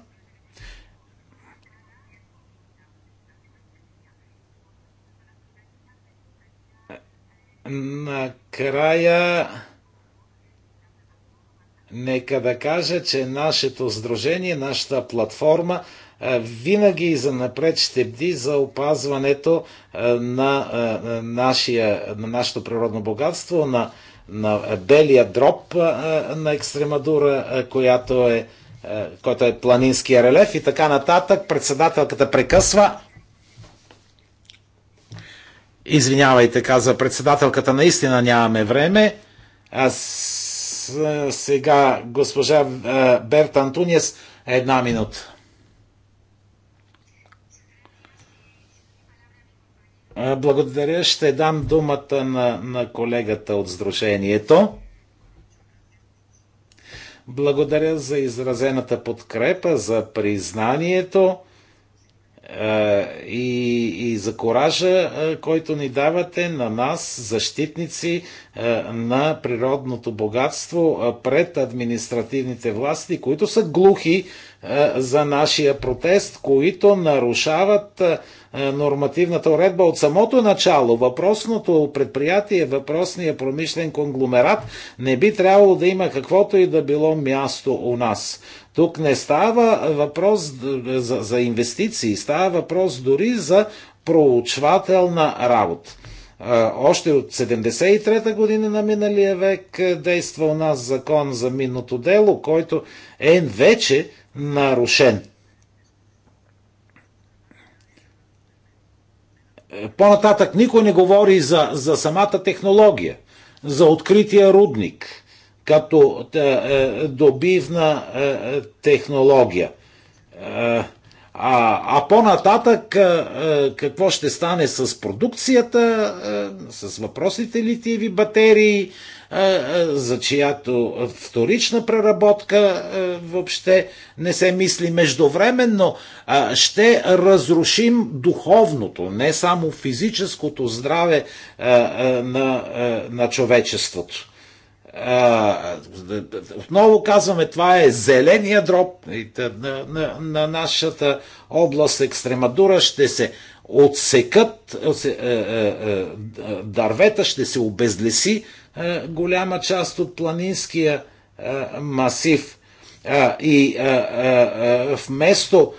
накрая нека да кажа, че нашето сдружение, нашата платформа винаги и за напред, ще бди за опазването на, нашия, на нашето природно богатство, на, на белия дроб на Екстремадура, която е, който е планинския релеф и така нататък. Председателката прекъсва. Извинявайте, каза председателката, наистина нямаме време. А сега госпожа Берта Антуниес, една минута. Благодаря. Ще дам думата на, на колегата от Сдружението. Благодаря за изразената подкрепа, за признанието е, и, и за коража, е, който ни давате на нас, защитници е, на природното богатство пред административните власти, които са глухи за нашия протест, които нарушават нормативната уредба от самото начало. Въпросното предприятие, въпросния промишлен конгломерат не би трябвало да има каквото и да било място у нас. Тук не става въпрос за, за инвестиции, става въпрос дори за проучвателна работа. Още от 73-та година на миналия век действа у нас закон за минното дело, който е вече нарушен. По-нататък никой не говори за, за самата технология, за открития рудник – като е, е, добивна е, технология. А, а по-нататък какво ще стане с продукцията, с въпросите, литиеви батерии, за чиято вторична преработка въобще не се мисли междувременно, ще разрушим духовното, не само физическото здраве на, на човечеството. Отново казваме, това е зеления дроб на, на, на нашата област Екстремадура. Ще се отсекат е, е, е, дървета, ще се обезлеси голяма част от планинския масив. И вместо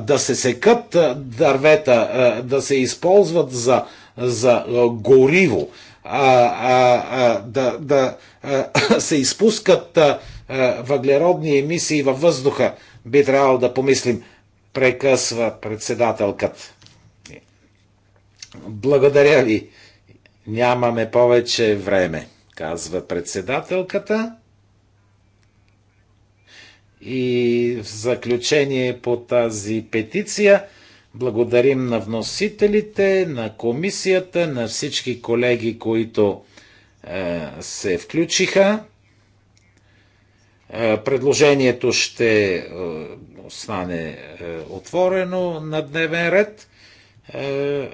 да се секат дървета, да се използват за, за гориво, а, а, да, да а, се изпускат а, а, въглеродни емисии във въздуха, би трябвало да помислим, прекъсва председателкът. Благодаря ви. Нямаме повече време, казва председателката. И в заключение по тази петиция Благодарим на вносителите, на комисията, на всички колеги, които е, се включиха. Е, предложението ще е, остане е, отворено на дневен ред. Е,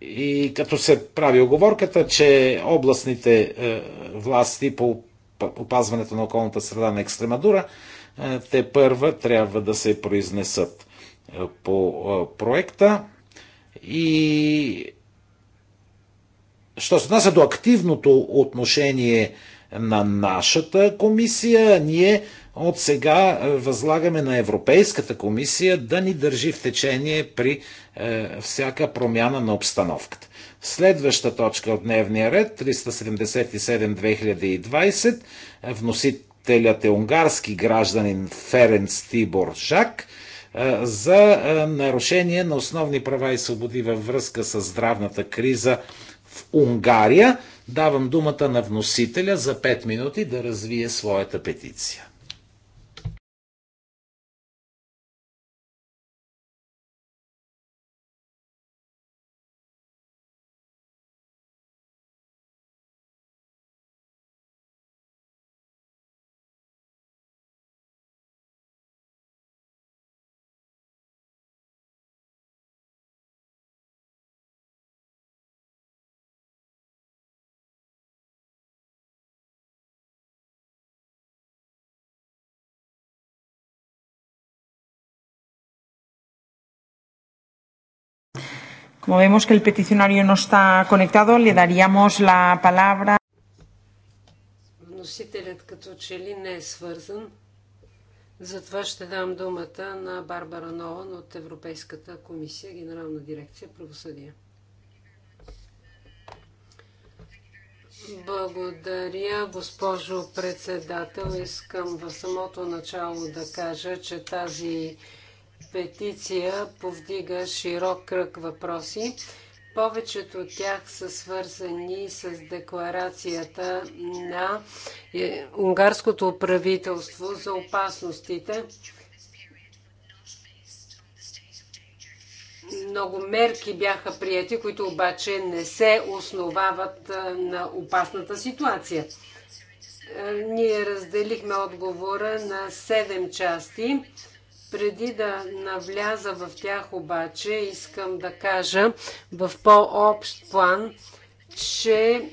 и като се прави оговорката, че областните е, власти по опазването на околната среда на Екстремадура, е, те първа трябва да се произнесат. Е, по е, проекта. И що се отнася до активното отношение на нашата комисия, ние от сега е, възлагаме на Европейската комисия да ни държи в течение при е, всяка промяна на обстановката. Следваща точка от дневния ред 377-2020. Вносителят е унгарски гражданин Ференц Тибор Жак за нарушение на основни права и свободи във връзка с здравната криза в Унгария. Давам думата на вносителя за 5 минути да развие своята петиция. Como vemos que el peticionario no está conectado, le daríamos la palabra. Носителят като че ли не е свързан. Затова ще дам думата на Барбара Нолан от Европейската комисия, Генерална дирекция правосъдие. Благодаря, госпожо председател. Искам в самото начало да кажа, че тази петиция повдига широк кръг въпроси. Повечето от тях са свързани с декларацията на е, унгарското правителство за опасностите. Много мерки бяха прияти, които обаче не се основават на опасната ситуация. Е, ние разделихме отговора на 7 части преди да навляза в тях обаче, искам да кажа в по-общ план, че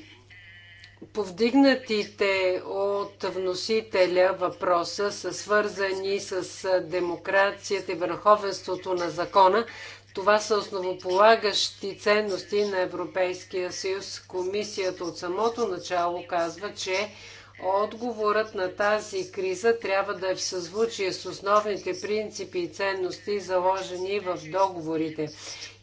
повдигнатите от вносителя въпроса са свързани с демокрацията и върховенството на закона. Това са основополагащи ценности на Европейския съюз. Комисията от самото начало казва, че Отговорът на тази криза трябва да е в съзвучие с основните принципи и ценности, заложени в договорите.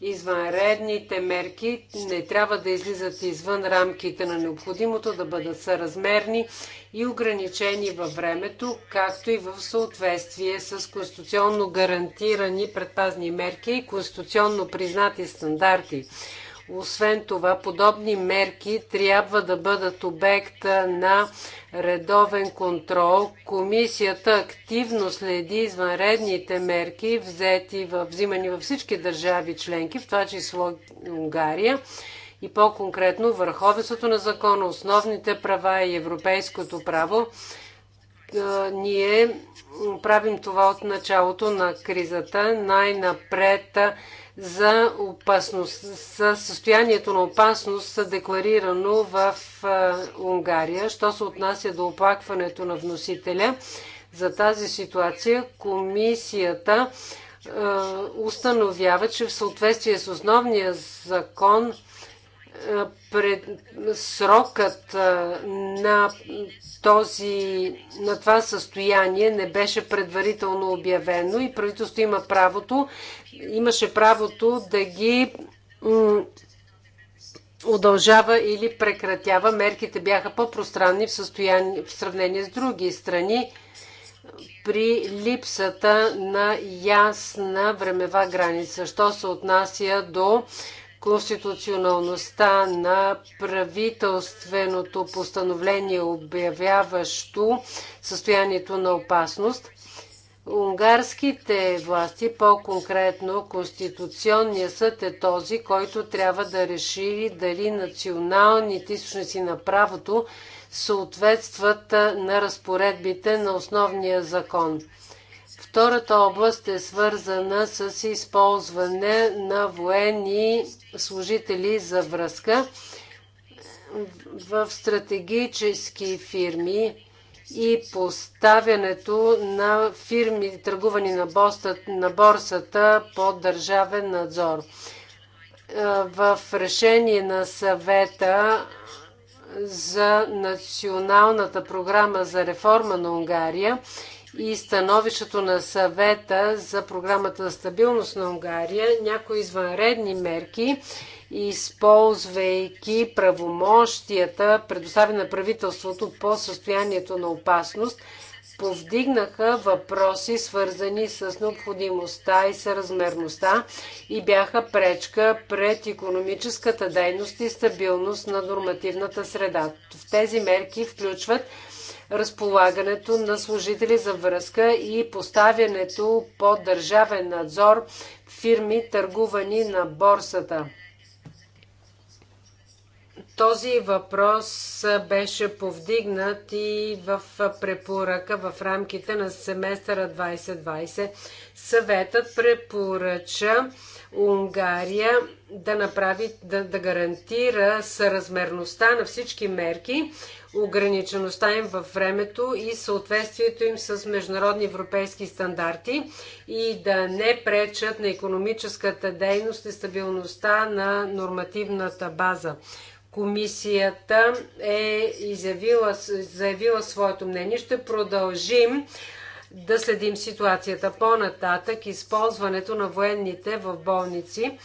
Извънредните мерки не трябва да излизат извън рамките на необходимото, да бъдат съразмерни и ограничени във времето, както и в съответствие с конституционно гарантирани предпазни мерки и конституционно признати стандарти. Освен това, подобни мерки трябва да бъдат обекта на редовен контрол. Комисията активно следи извънредните мерки, взети в, взимани във всички държави членки, в това число Унгария и по-конкретно върховенството на закона, основните права и европейското право. Е, ние правим това от началото на кризата. Най-напред за опасност, за състоянието на опасност, декларирано в Унгария. Що се отнася до оплакването на вносителя за тази ситуация, комисията установява, че в съответствие с основния закон пред срокът на, този, на това състояние не беше предварително обявено и правителството има правото, имаше правото да ги удължава или прекратява. Мерките бяха по-пространни в, в сравнение с други страни при липсата на ясна времева граница. Що се отнася до конституционалността на правителственото постановление, обявяващо състоянието на опасност. Унгарските власти, по-конкретно Конституционният съд е този, който трябва да реши дали националните източници на правото съответстват на разпоредбите на основния закон. Втората област е свързана с използване на военни служители за връзка в стратегически фирми и поставянето на фирми, търгувани на борсата, на борсата под държавен надзор. В решение на съвета за националната програма за реформа на Унгария и становището на съвета за програмата за стабилност на Унгария някои извънредни мерки, използвайки правомощията, предоставени на правителството по състоянието на опасност, повдигнаха въпроси, свързани с необходимостта и съразмерността и бяха пречка пред економическата дейност и стабилност на нормативната среда. В тези мерки включват разполагането на служители за връзка и поставянето под държавен надзор фирми, търгувани на борсата. Този въпрос беше повдигнат и в препоръка в рамките на семестъра 2020. Съветът препоръча Унгария да направи, да, да гарантира съразмерността на всички мерки, ограничеността им във времето и съответствието им с международни европейски стандарти и да не пречат на економическата дейност и стабилността на нормативната база. Комисията е изявила, заявила своето мнение. Ще продължим да следим ситуацията. По-нататък използването на военните в болници.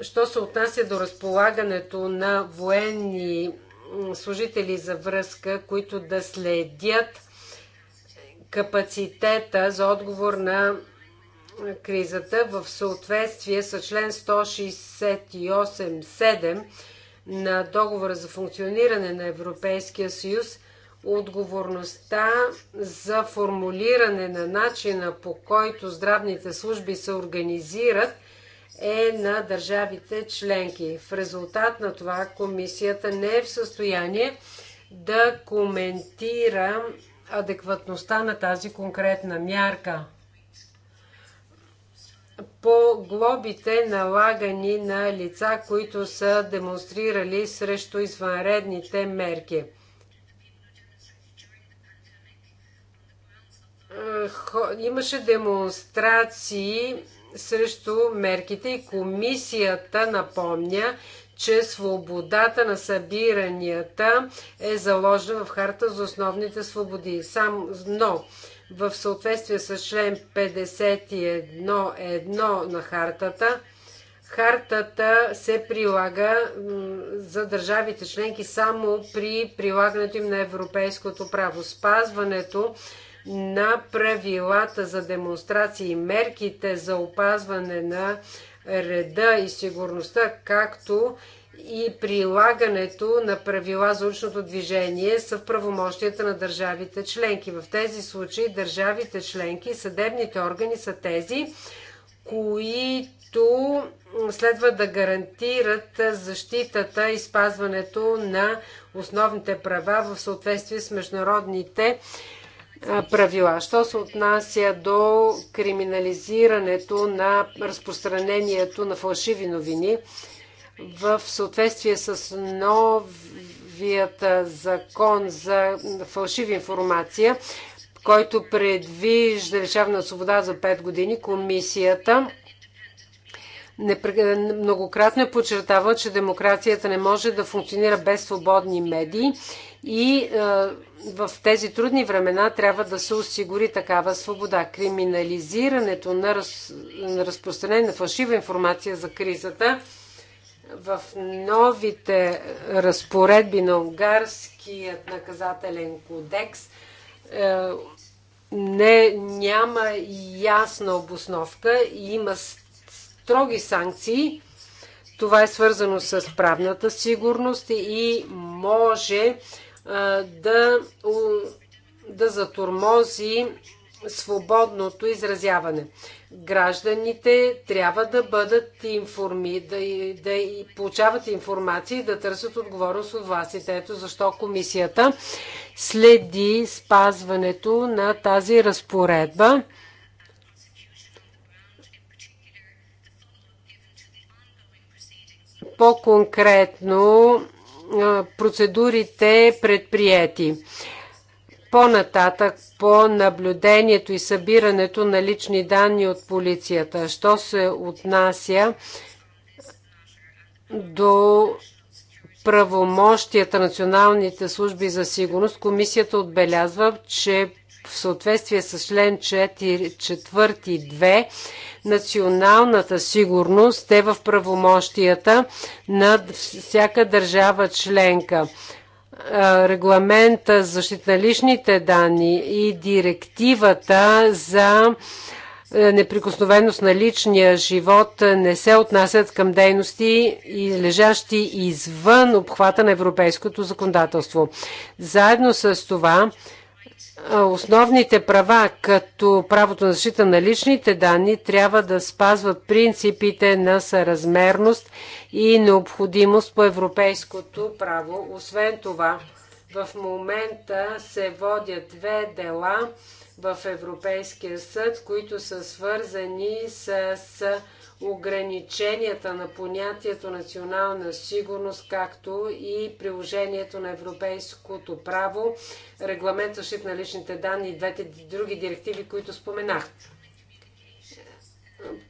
Що се отнася до разполагането на военни служители за връзка, които да следят капацитета за отговор на кризата в съответствие с член 168.7 на договора за функциониране на Европейския съюз – Отговорността за формулиране на начина по който здравните служби се организират е на държавите членки. В резултат на това комисията не е в състояние да коментира адекватността на тази конкретна мярка. По глобите налагани на лица, които са демонстрирали срещу извънредните мерки – имаше демонстрации срещу мерките и комисията напомня, че свободата на събиранията е заложена в Харта за основните свободи. Сам, но в съответствие с член 51.1 на Хартата, Хартата се прилага за държавите членки само при прилагането им на европейското право. Спазването на правилата за демонстрации и мерките за опазване на реда и сигурността, както и прилагането на правила за уличното движение са в правомощията на държавите членки. В тези случаи държавите членки, съдебните органи са тези, които следва да гарантират защитата и спазването на основните права в съответствие с международните правила. Що се отнася до криминализирането на разпространението на фалшиви новини, в съответствие с новият закон за фалшива информация, който предвижда лишаване от свобода за 5 години, комисията многократно е подчертавал, че демокрацията не може да функционира без свободни медии и в тези трудни времена трябва да се осигури такава свобода. Криминализирането на, раз, на разпространение на фалшива информация за кризата в новите разпоредби на унгарският наказателен кодекс е, не, няма ясна обосновка и има строги санкции. Това е свързано с правната сигурност и може да, да затормози свободното изразяване. Гражданите трябва да бъдат информи, да, да получават информация и да търсят отговорност от властите. Ето защо комисията следи спазването на тази разпоредба. по-конкретно процедурите предприяти. По-нататък по наблюдението и събирането на лични данни от полицията. Що се отнася до правомощията националните служби за сигурност, комисията отбелязва, че в съответствие с член 4.2, националната сигурност е в правомощията на всяка държава членка. Регламента за защита на личните данни и директивата за е, неприкосновеност на личния живот не се отнасят към дейности лежащи извън обхвата на европейското законодателство. Заедно с това, основните права, като правото на защита на личните данни, трябва да спазват принципите на съразмерност и необходимост по европейското право. Освен това, в момента се водят две дела в Европейския съд, които са свързани с ограниченията на понятието национална сигурност, както и приложението на европейското право, регламент защита на личните данни и двете други директиви, които споменах.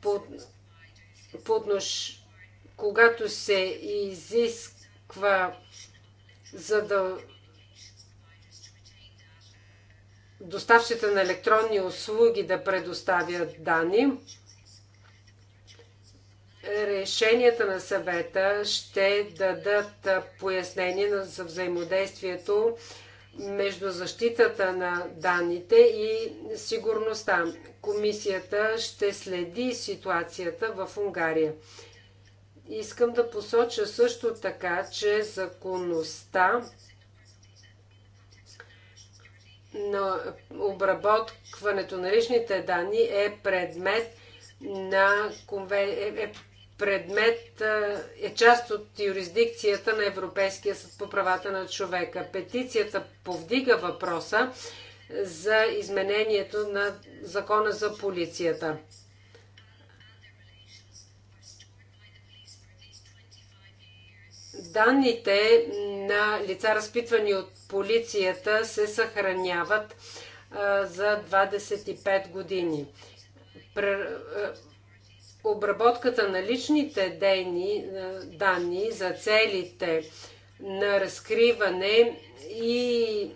По, по отнош... Когато се изисква за да доставчите на електронни услуги да предоставят данни, решенията на съвета ще дадат пояснение за взаимодействието между защитата на данните и сигурността. Комисията ще следи ситуацията в Унгария. Искам да посоча също така, че законността на обработването на личните данни е предмет на, е, е предмет е част от юрисдикцията на Европейския съд по правата на човека. Петицията повдига въпроса за изменението на закона за полицията. Данните на лица, разпитвани от полицията, се съхраняват за 25 години обработката на личните дейни, е, данни за целите на разкриване и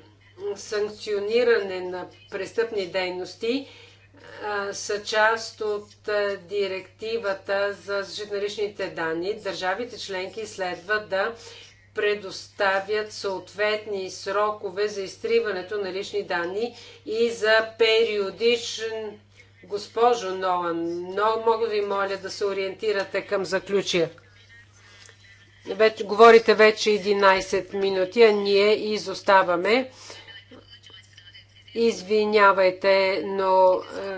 санкциониране на престъпни дейности е, са част от е, директивата за защита на личните данни. Държавите членки следва да предоставят съответни срокове за изтриването на лични данни и за периодичен Госпожо Нолан, много мога ви моля да се ориентирате към заключия. Вече, говорите вече 11 минути, а ние изоставаме. Извинявайте, но, е,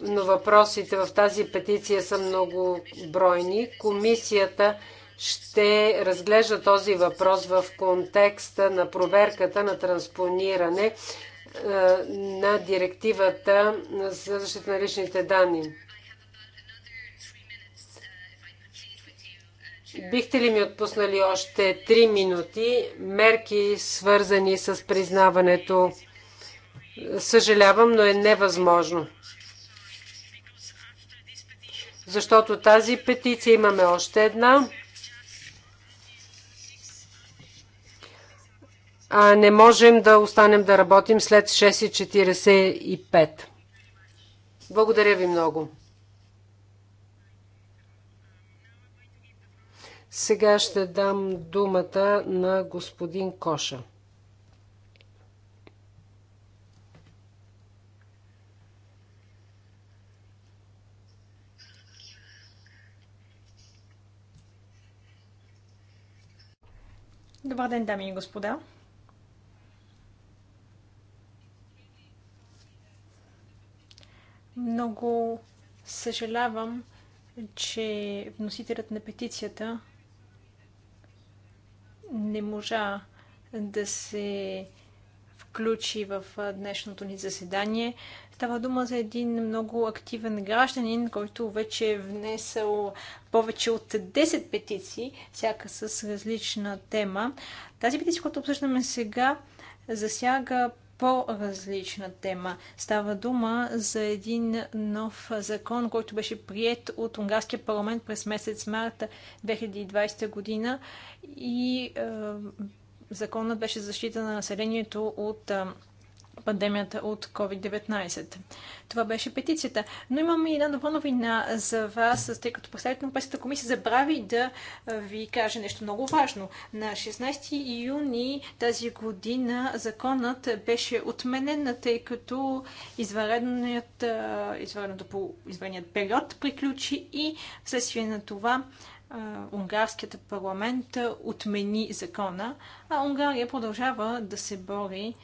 но въпросите в тази петиция са много бройни. Комисията ще разглежда този въпрос в контекста на проверката на транспониране е, на директивата за защита на личните данни. Бихте ли ми отпуснали още 3 минути мерки, свързани с признаването? Съжалявам, но е невъзможно. Защото тази петиция имаме още една. а не можем да останем да работим след 6.45. Благодаря ви много. Сега ще дам думата на господин Коша. Добър ден, дами и господа! Много съжалявам, че вносителят на петицията не можа да се включи в днешното ни заседание. Става дума за един много активен гражданин, който вече е внесъл повече от 10 петиции, всяка с различна тема. Тази петиция, която обсъждаме сега, засяга по-различна тема. Става дума за един нов закон, който беше прият от унгарския парламент през месец марта 2020 година и е, законът беше защита на населението от е, пандемията от COVID-19. Това беше петицията. Но имам и една нова новина за вас, тъй като представител на комисия забрави да ви каже нещо много важно. На 16 юни тази година законът беше отменен, тъй като извънредният, извънредният период приключи и вследствие на това унгарският парламент отмени закона, а Унгария продължава да се бори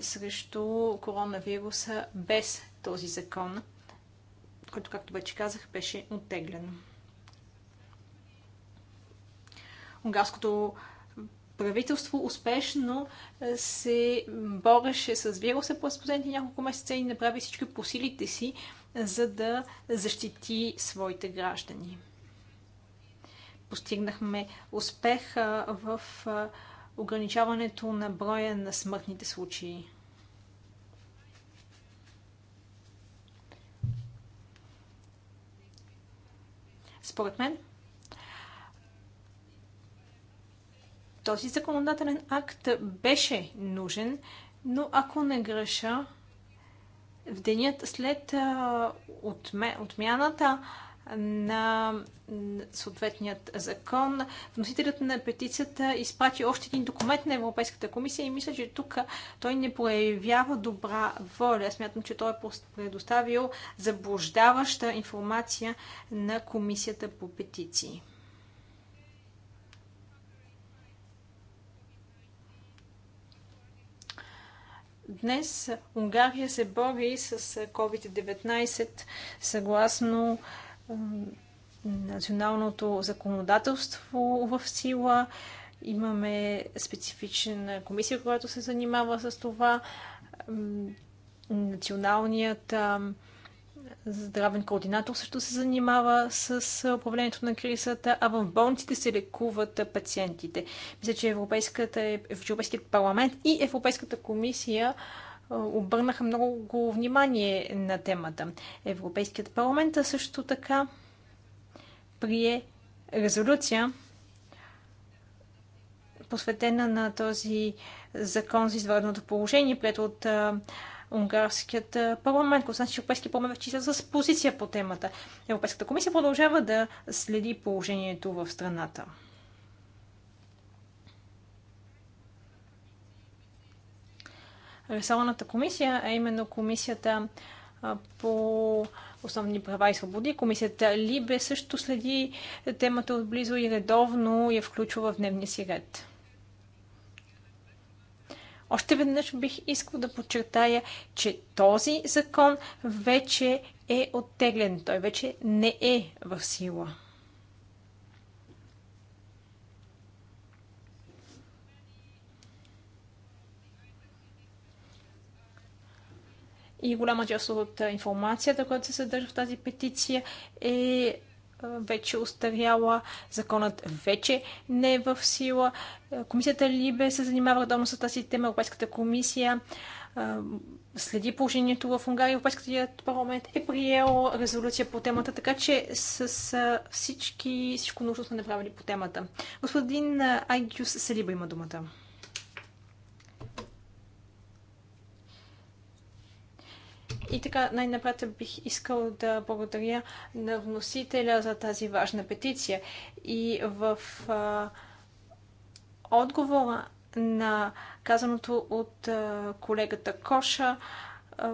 срещу коронавируса без този закон, който, както вече казах, беше оттеглен. Унгарското правителство успешно се бореше с вируса през последните няколко месеца и направи всички посилите си, за да защити своите граждани. Постигнахме успех в ограничаването на броя на смъртните случаи. Според мен, този законодателен акт беше нужен, но ако не греша, в денят след отмяната на съответният закон. Вносителят на петицията изпрати още един документ на Европейската комисия и мисля, че тук той не проявява добра воля. Смятам, че той е предоставил заблуждаваща информация на комисията по петиции. Днес Унгария се бори с COVID-19 съгласно националното законодателство в сила. Имаме специфична комисия, която се занимава с това. Националният здравен координатор също се занимава с управлението на кризата, а в болниците се лекуват пациентите. Мисля, че Европейският парламент и Европейската комисия обърнаха много внимание на темата. Европейският парламент също така прие резолюция, посветена на този закон за извънредното положение, прието от унгарският парламент, който значи, че парламент вече с позиция по темата. Европейската комисия продължава да следи положението в страната. ресорната комисия, а именно комисията по основни права и свободи. Комисията Либе също следи темата отблизо и редовно я включва в дневния си ред. Още веднъж бих искал да подчертая, че този закон вече е оттеглен. Той вече не е в сила. И голяма част от информацията, която се съдържа в тази петиция, е вече устаряла, законът вече не е в сила. Комисията Либе се занимава редовно с тази тема, Европейската комисия следи положението в Унгария. Европейският парламент е приел резолюция по темата, така че с всички, всичко нужно сме направили по темата. Господин Айгюс Селиба има думата. И така, най-напред бих искал да благодаря на вносителя за тази важна петиция. И в а, отговора на казаното от а, колегата Коша, а,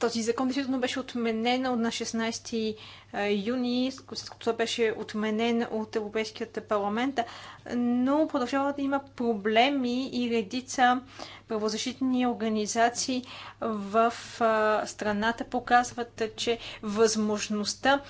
този закон действително беше отменен от на 16 юни, това беше отменен от Европейският парламент, но продължава да има проблеми и редица правозащитни организации в страната показват, че възможността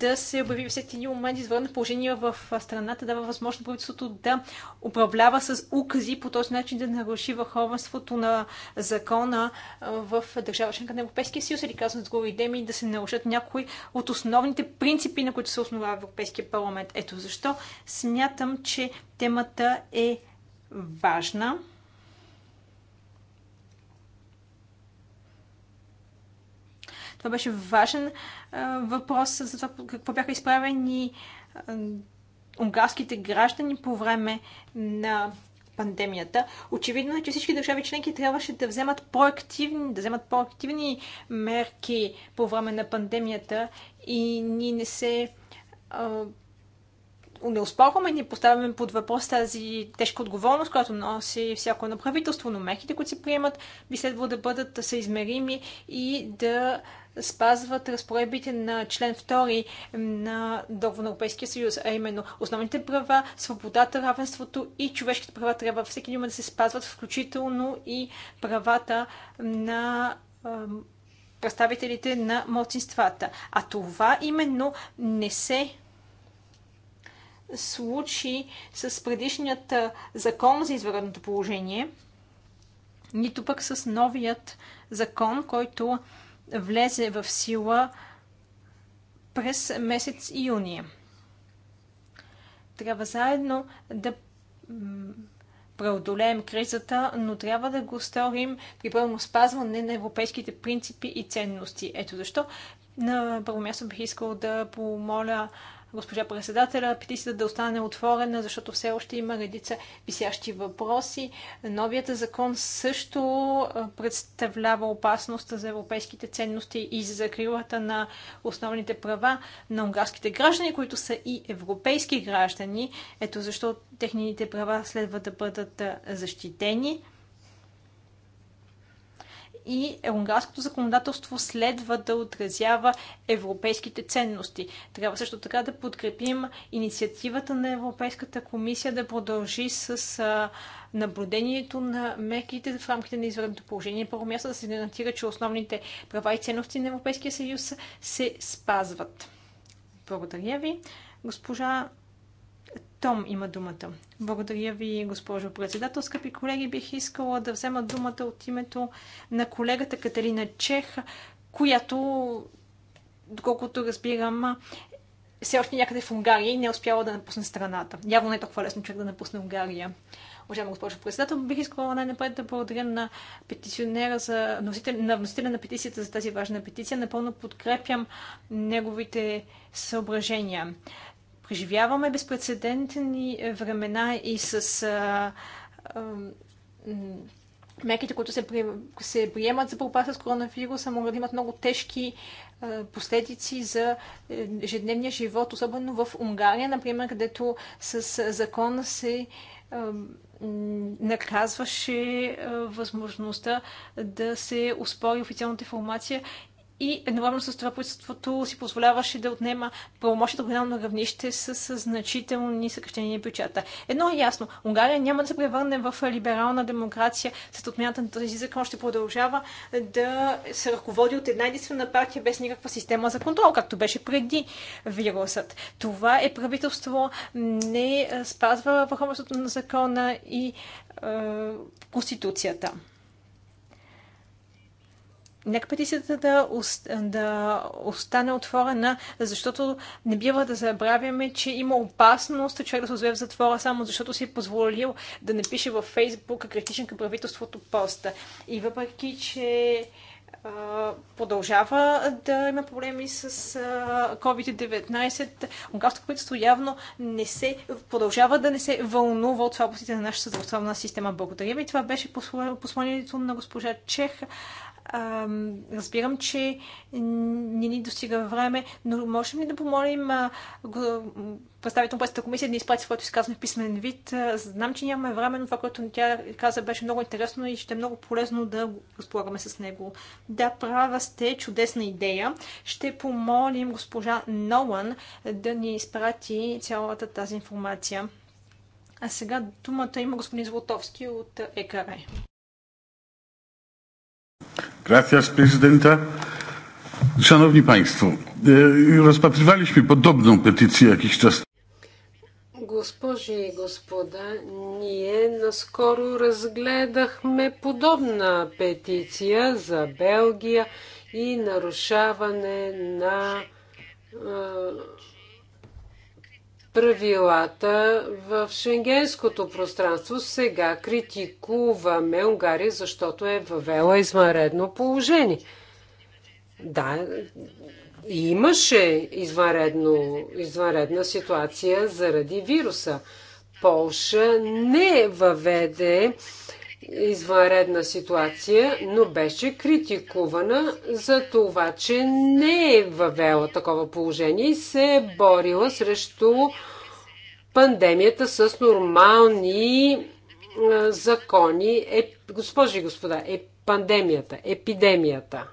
да се обяви всеки един момент извънредно положение в страната дава възможност правителството да управлява с укази по този начин да наруши върховенството на закона в държава членка на Европейския съюз или казвам с други деми да се нарушат някои от основни основните принципи, на които се основа Европейския парламент. Ето защо смятам, че темата е важна. Това беше важен а, въпрос за това какво бяха изправени а, унгарските граждани по време на пандемията. Очевидно е, че всички държави членки трябваше да вземат по-активни, да вземат по-активни мерки по време на пандемията и ние не се а, не успорваме, ние поставяме под въпрос тази тежка отговорност, която носи всяко едно правителство, но мерките, които се приемат, би следвало да бъдат съизмерими и да спазват разпоредбите на член 2 на Договор на Европейския съюз, а именно основните права, свободата, равенството и човешките права трябва всеки един да се спазват, включително и правата на представителите на младсинствата. А това именно не се случи с предишният закон за извънредното положение, нито пък с новият закон, който влезе в сила през месец юни. Трябва заедно да преодолеем кризата, но трябва да го сторим при пълно спазване на европейските принципи и ценности. Ето защо на първо място бих искал да помоля госпожа председателя. Петицията да остане отворена, защото все още има редица висящи въпроси. Новият закон също представлява опасност за европейските ценности и за закрилата на основните права на унгарските граждани, които са и европейски граждани. Ето защо техните права следва да бъдат защитени и унгарското законодателство следва да отразява европейските ценности. Трябва също така да подкрепим инициативата на Европейската комисия да продължи с наблюдението на мерките в рамките на извънредното положение. Първо място да се гарантира, че основните права и ценности на Европейския съюз се спазват. Благодаря ви. Госпожа Том има думата. Благодаря ви, госпожо председател. Скъпи колеги, бих искала да взема думата от името на колегата Катерина Чех, която, доколкото разбирам, все още някъде в Унгария и не е успяла да напусне страната. Явно не е толкова лесно човек да напусне Унгария. Уважаема госпожо председател, бих искала най-напред да благодаря на петиционера за носител, на вносителя на петицията за тази важна петиция. Напълно подкрепям неговите съображения. Преживяваме безпредседентни е, времена и с а, а, мерките, които се, при, се приемат за борба с коронавируса, могат да имат много тежки а, последици за е, ежедневния живот, особено в Унгария, например, където с закон се наказваше възможността да се успори официалната информация и едновременно с това правителството си позволяваше да отнема правомощите от регионално равнище с, значителни съкрещения бюджета. Едно е ясно. Унгария няма да се превърне в либерална демокрация след отмяната на този закон. Ще продължава да се ръководи от една единствена партия без никаква система за контрол, както беше преди вирусът. Това е правителство не спазва върховенството на закона и е, конституцията. Нека петицията да, да остане отворена, защото не бива да забравяме, че има опасност човек да се озове в затвора, само защото си е позволил да напише във Фейсбук критичен към правителството поста. И въпреки, че продължава да има проблеми с COVID-19. Унгарското правителство явно не се, продължава да не се вълнува от слабостите на нашата здравословна система. Благодаря ви. Това беше посланието на госпожа Чех разбирам, че не ни достига време, но можем ли да помолим а, представител на комисия да изпрати своето изказване в писмен вид? знам, че нямаме време, но това, което тя каза, беше много интересно и ще е много полезно да разполагаме с него. Да, права сте, чудесна идея. Ще помолим госпожа Нолан да ни изпрати цялата тази информация. А сега думата има господин Златовски от ЕКР. Е. Gracias, prezydenta. Szanowni Państwo, rozpatrywaliśmy podobną petycję jakiś czas temu. Госпожи и господа, ние наскоро разгледахме подобна петиция за Белгия и нарушаване на правилата в шенгенското пространство. Сега критикуваме Унгария, защото е въвела извънредно положение. Да, имаше извънредно, извънредна ситуация заради вируса. Полша не въведе извънредна ситуация, но беше критикувана за това, че не е въвела такова положение и се е борила срещу пандемията с нормални закони. Е, госпожи и господа, е пандемията, епидемията.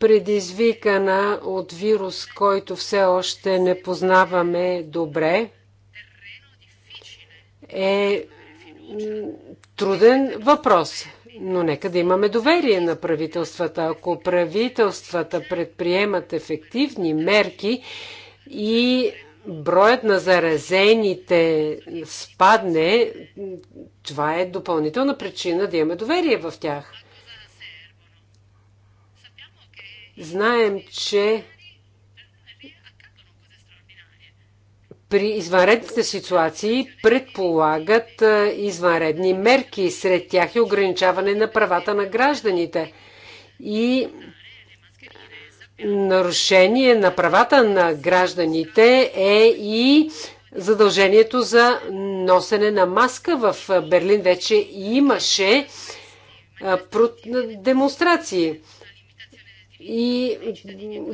предизвикана от вирус, който все още не познаваме добре е труден въпрос. Но нека да имаме доверие на правителствата. Ако правителствата предприемат ефективни мерки и броят на заразените спадне, това е допълнителна причина да имаме доверие в тях. Знаем, че при извънредните ситуации предполагат извънредни мерки. Сред тях е ограничаване на правата на гражданите и нарушение на правата на гражданите е и задължението за носене на маска в Берлин. Вече имаше демонстрации и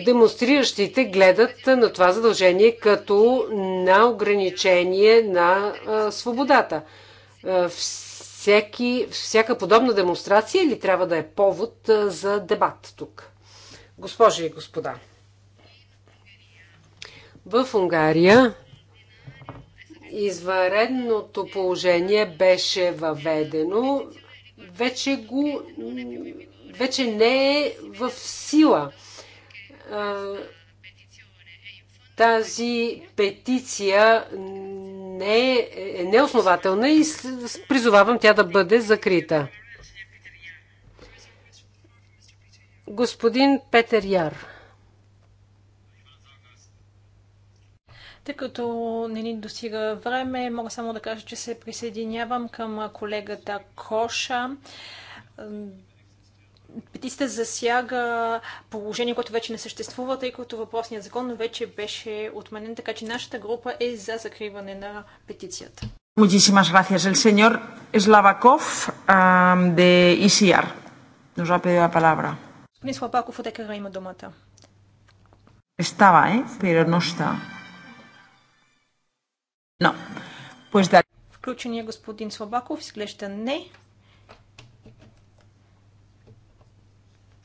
демонстриращите гледат на това задължение като на ограничение на свободата. Всеки, всяка подобна демонстрация ли трябва да е повод за дебат тук? Госпожи и господа, в Унгария извънредното положение беше въведено. Вече го вече не е в сила. Тази петиция не е, е неоснователна и призовавам тя да бъде закрита. Господин Петър Яр. Тъй като не ни достига време, мога само да кажа, че се присъединявам към колегата Коша петицията засяга положение, което вече не съществува, тъй като въпросният закон вече беше отменен, така че нашата група е за закриване на петицията. Muchísimas gracias. El señor Slavakov um, de ICR e nos ha pedido la palabra. Estaba, eh? Pero no está. No. Pues de... Включения господин Слабаков изглежда не.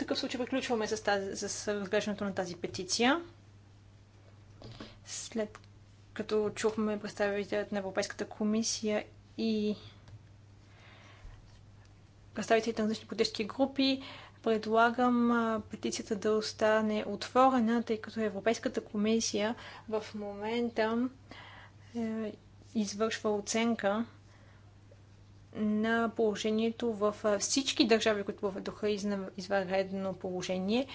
такъв случай приключваме с, тази, с разглеждането на тази петиция. След като чухме представителят на Европейската комисия и представителите на различни политически групи, предлагам петицията да остане отворена, тъй като Европейската комисия в момента е, извършва оценка на положението в всички държави, които въведоха извънредно положение.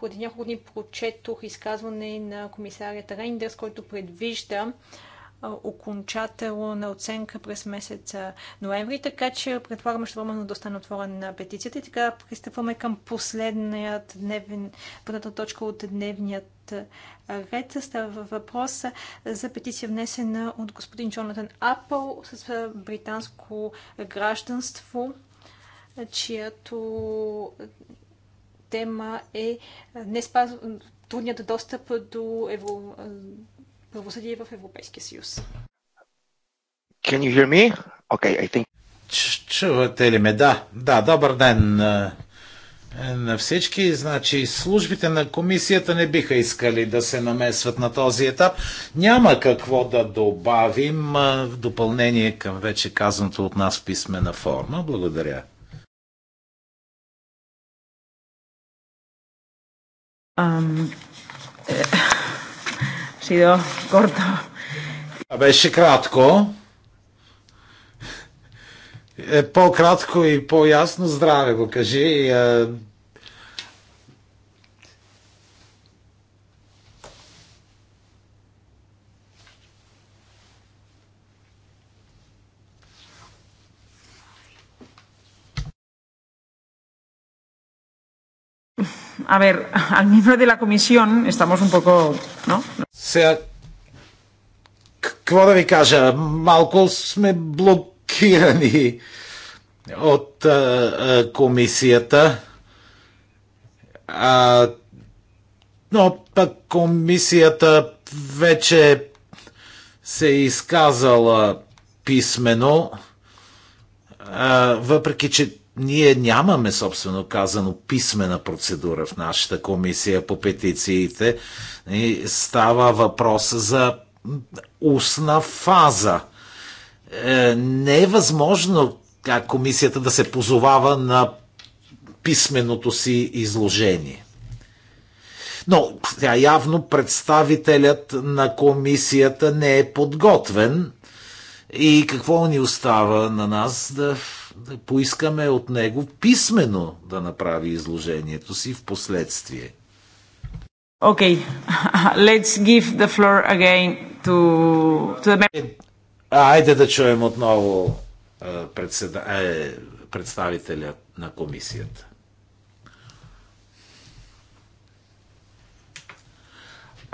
Преди няколко дни прочетох изказване на комисарят Рейндърс, който предвижда окончателна оценка през месец ноември, така че предполагаме, ще времено да отворен на петицията и така пристъпваме към последният дневен, първата точка от дневният ред. Става въпрос за петиция внесена от господин Джонатан Апъл с британско гражданство, чиято тема е не спазва трудният достъп до евро правосъдие в Европейския съюз. Can you hear me? Okay, I think... Чувате ли ме? Да, да, добър ден на всички. Значи, службите на комисията не биха искали да се намесват на този етап. Няма какво да добавим в допълнение към вече казаното от нас писмена форма. Благодаря. Um, sido corto. Беше кратко. Е, по-кратко и по-ясно здраве го кажи. Е... a ver, al miembro de la comisión estamos un poco, ¿no? Sea какво да ви кажа? Малко сме блокирани от а, а, комисията. А, но пък комисията вече се е изказала писмено, а, въпреки че ние нямаме, собствено казано, писмена процедура в нашата комисия по петициите. И става въпрос за устна фаза. Е, не е възможно как комисията да се позовава на писменото си изложение. Но тя явно представителят на комисията не е подготвен и какво ни остава на нас да да поискаме от него писменно да направи изложението си в последствие. Okay, let's give the floor again to, to the... Е, айде да чуем отново председа... е, представителя на комисията.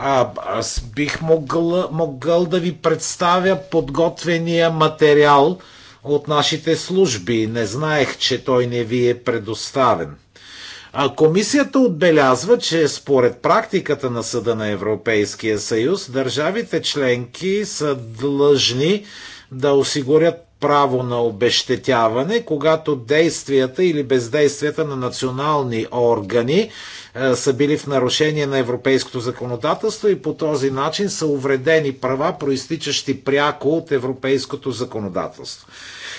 А, аз бих могъл, могъл да ви представя подготвения материал, от нашите служби. Не знаех, че той не ви е предоставен. А комисията отбелязва, че според практиката на Съда на Европейския съюз, държавите членки са длъжни да осигурят право на обещетяване, когато действията или бездействията на национални органи е, са били в нарушение на европейското законодателство и по този начин са увредени права, проистичащи пряко от европейското законодателство.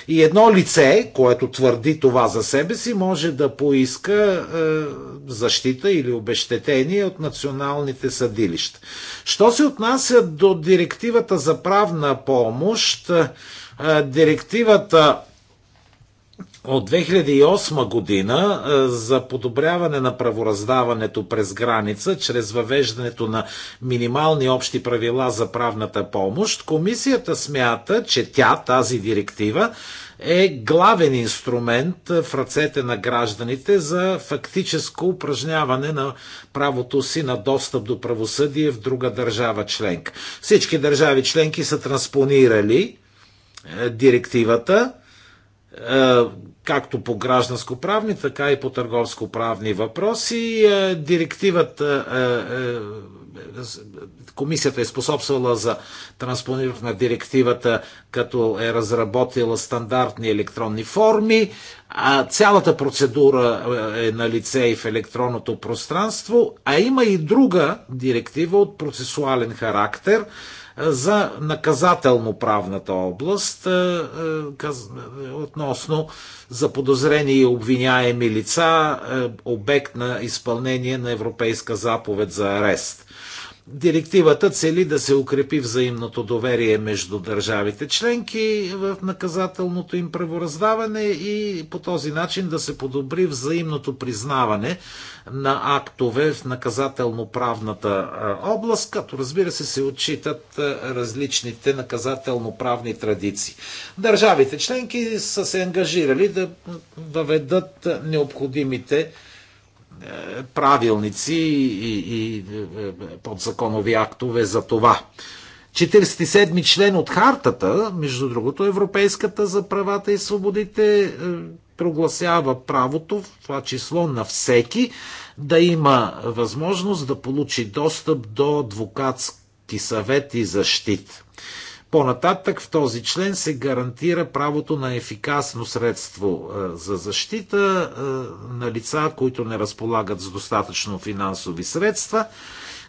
И едно лице, което твърди това за себе си, може да поиска е, защита или обещетение от националните съдилища. Що се отнася до директивата за правна помощ, е, директивата от 2008 година е, за подобряване на правораздаването през граница чрез въвеждането на минимални общи правила за правната помощ, комисията смята, че тя, тази директива, е главен инструмент в ръцете на гражданите за фактическо упражняване на правото си на достъп до правосъдие в друга държава членка. Всички държави членки са транспонирали е, директивата, е, както по гражданско-правни, така и по търговско-правни въпроси. Е, директивата комисията е способствала за транспониране на директивата, като е разработила стандартни електронни форми. А цялата процедура е на лице и в електронното пространство, а има и друга директива от процесуален характер – за наказателно-правната област е, е, е, относно заподозрени и обвиняеми лица, обект на изпълнение на Европейска заповед за арест. Директивата цели да се укрепи взаимното доверие между държавите членки в наказателното им правораздаване и по този начин да се подобри взаимното признаване на актове в наказателно-правната област, като разбира се се отчитат различните наказателно-правни традиции. Държавите членки са се ангажирали да въведат необходимите е, правилници и, и е, е, подзаконови актове за това. 47 член от хартата, между другото, Европейската за правата и свободите прогласява правото, в това число на всеки, да има възможност да получи достъп до адвокатски съвет и защита. По-нататък в този член се гарантира правото на ефикасно средство е, за защита е, на лица, които не разполагат с достатъчно финансови средства.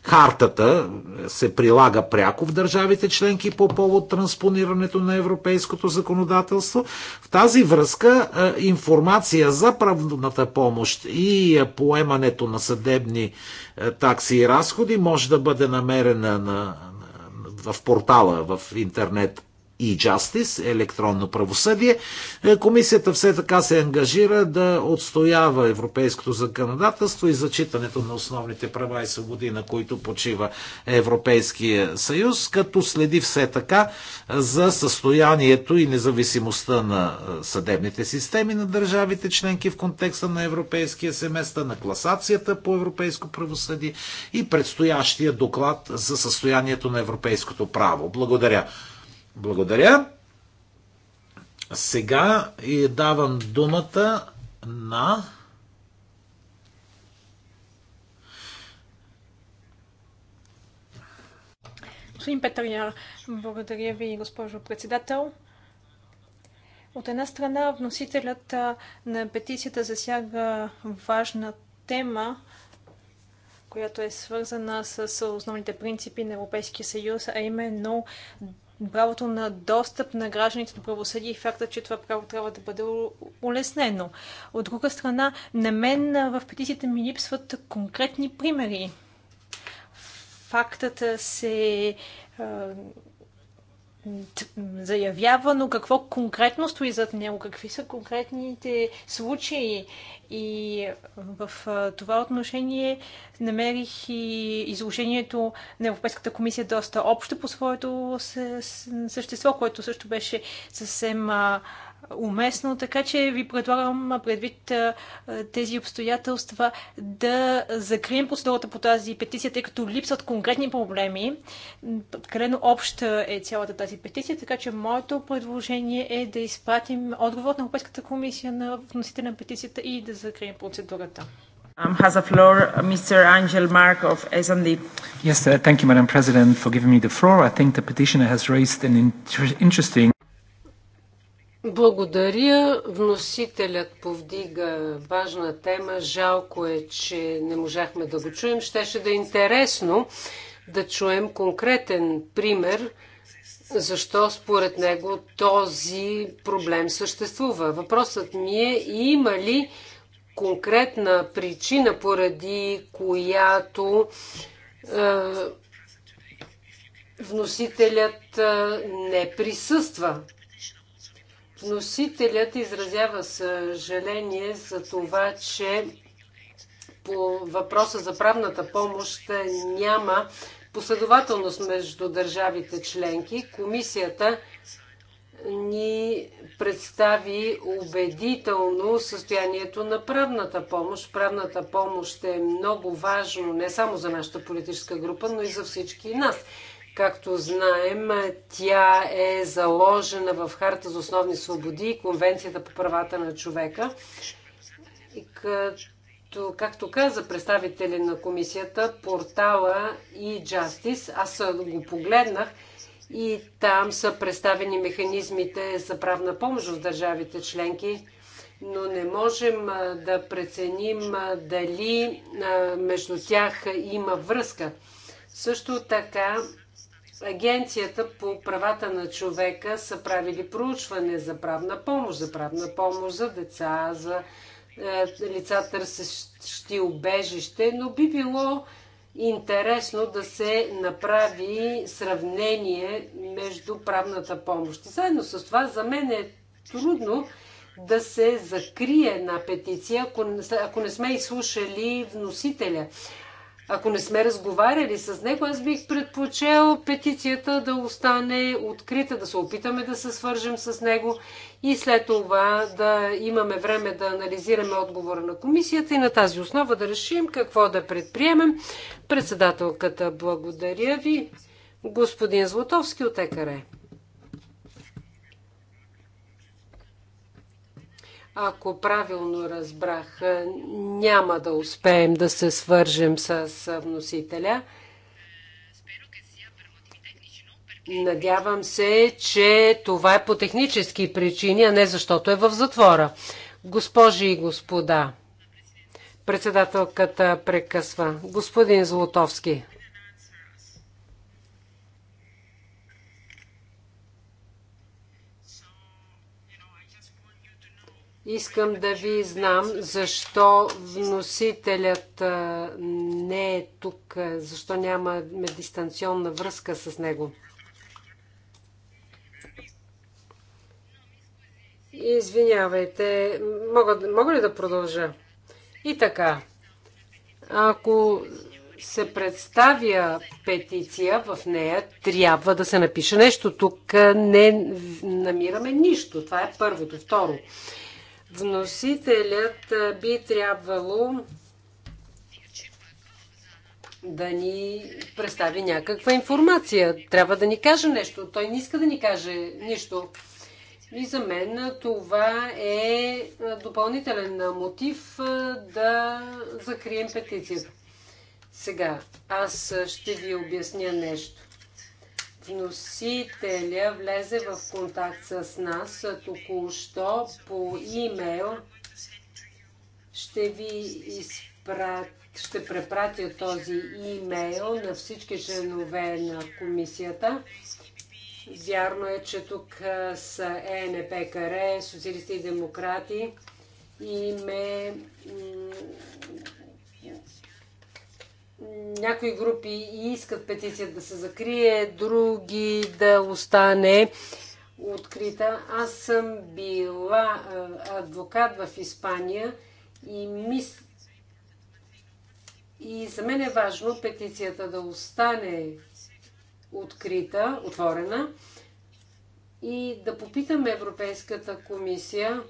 Хартата се прилага пряко в държавите членки по повод транспонирането на европейското законодателство. В тази връзка е, информация за правната помощ и поемането на съдебни такси и разходи може да бъде намерена на в портала, в интернет и Justice, електронно правосъдие. Е, комисията все така се ангажира да отстоява европейското законодателство и зачитането на основните права и свободи, на които почива Европейския съюз, като следи все така за състоянието и независимостта на е, съдебните системи на държавите членки в контекста на Европейския семестър, на класацията по европейско правосъдие и предстоящия доклад за състоянието на европейското право. Благодаря. Благодаря. Сега и давам думата на Господин Петър Яр, благодаря ви, госпожо председател. От една страна, вносителят на петицията засяга важна тема, която е свързана с основните принципи на Европейския съюз, а именно правото на достъп на гражданите до правосъдие и факта, че това право трябва да бъде улеснено. От друга страна, на мен в петициите ми липсват конкретни примери. Фактът се заявява, но какво конкретно стои зад него, какви са конкретните случаи. И в това отношение намерих и изложението на Европейската комисия доста общо по своето същество, което също беше съвсем уместно, така че ви предлагам предвид тези обстоятелства да закрием процедурата по тази петиция, тъй като липсват конкретни проблеми. Крайно обща е цялата тази петиция, така че моето предложение е да изпратим отговор на Европейската комисия на вносителя на петицията и да закрием процедурата. Um, has a floor uh, Mr. Angel Mark of S&D. Yes, uh, thank you, Madam President, for giving me the floor. I think the petitioner has raised an inter interesting благодаря. Вносителят повдига важна тема. Жалко е, че не можахме да го чуем. Щеше да е интересно да чуем конкретен пример, защо според него този проблем съществува. Въпросът ми е, има ли конкретна причина, поради която е, вносителят е, не присъства Вносителят изразява съжаление за това, че по въпроса за правната помощ няма последователност между държавите членки. Комисията ни представи убедително състоянието на правната помощ. Правната помощ е много важно не само за нашата политическа група, но и за всички нас. Както знаем, тя е заложена в Харта за основни свободи и Конвенцията по правата на човека. И като, както каза представители на комисията, портала и Justice, аз го погледнах и там са представени механизмите за правна помощ в държавите членки, но не можем да преценим дали между тях има връзка. Също така Агенцията по правата на човека са правили проучване за правна помощ, за правна помощ за деца, за е, лица търсещи убежище, но би било интересно да се направи сравнение между правната помощ. Заедно с това, за мен е трудно да се закрие една петиция, ако не сме изслушали вносителя. Ако не сме разговаряли с него, аз бих предпочел петицията да остане открита, да се опитаме да се свържем с него и след това да имаме време да анализираме отговора на комисията и на тази основа да решим какво да предприемем. Председателката, благодаря ви. Господин Златовски от ЕКАРЕ. Ако правилно разбрах, е, няма да успеем да се свържем с вносителя. Надявам се, че това е по технически причини, а не защото е в затвора. Госпожи и господа, председателката прекъсва. Господин Золотовски. Искам да ви знам защо вносителят не е тук, защо нямаме дистанционна връзка с него. Извинявайте, мога, мога ли да продължа? И така, ако се представя петиция в нея, трябва да се напише нещо. Тук не намираме нищо. Това е първото. Второ, Вносителят би трябвало да ни представи някаква информация. Трябва да ни каже нещо. Той не иска да ни каже нищо. И за мен това е допълнителен мотив да закрием петицията. Сега, аз ще ви обясня нещо носителя влезе в контакт с нас току-що по имейл. Ще ви изпрат, ще препратя този имейл на всички членове на комисията. Вярно е, че тук са ЕНП социалисти и демократи и ме някои групи и искат петицията да се закрие, други да остане открита. Аз съм била адвокат в Испания и мисля, и за мен е важно петицията да остане открита, отворена и да попитаме Европейската комисия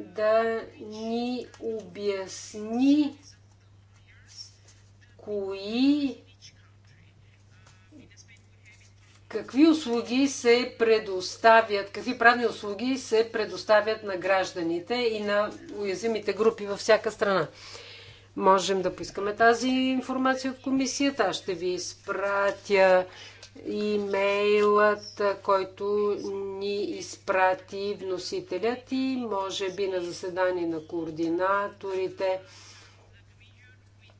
да ни обясни кои какви услуги се предоставят, какви правни услуги се предоставят на гражданите и на уязвимите групи във всяка страна. Можем да поискаме тази информация от комисията. Аз ще ви изпратя имейлът, който ни изпрати вносителят и може би на заседание на координаторите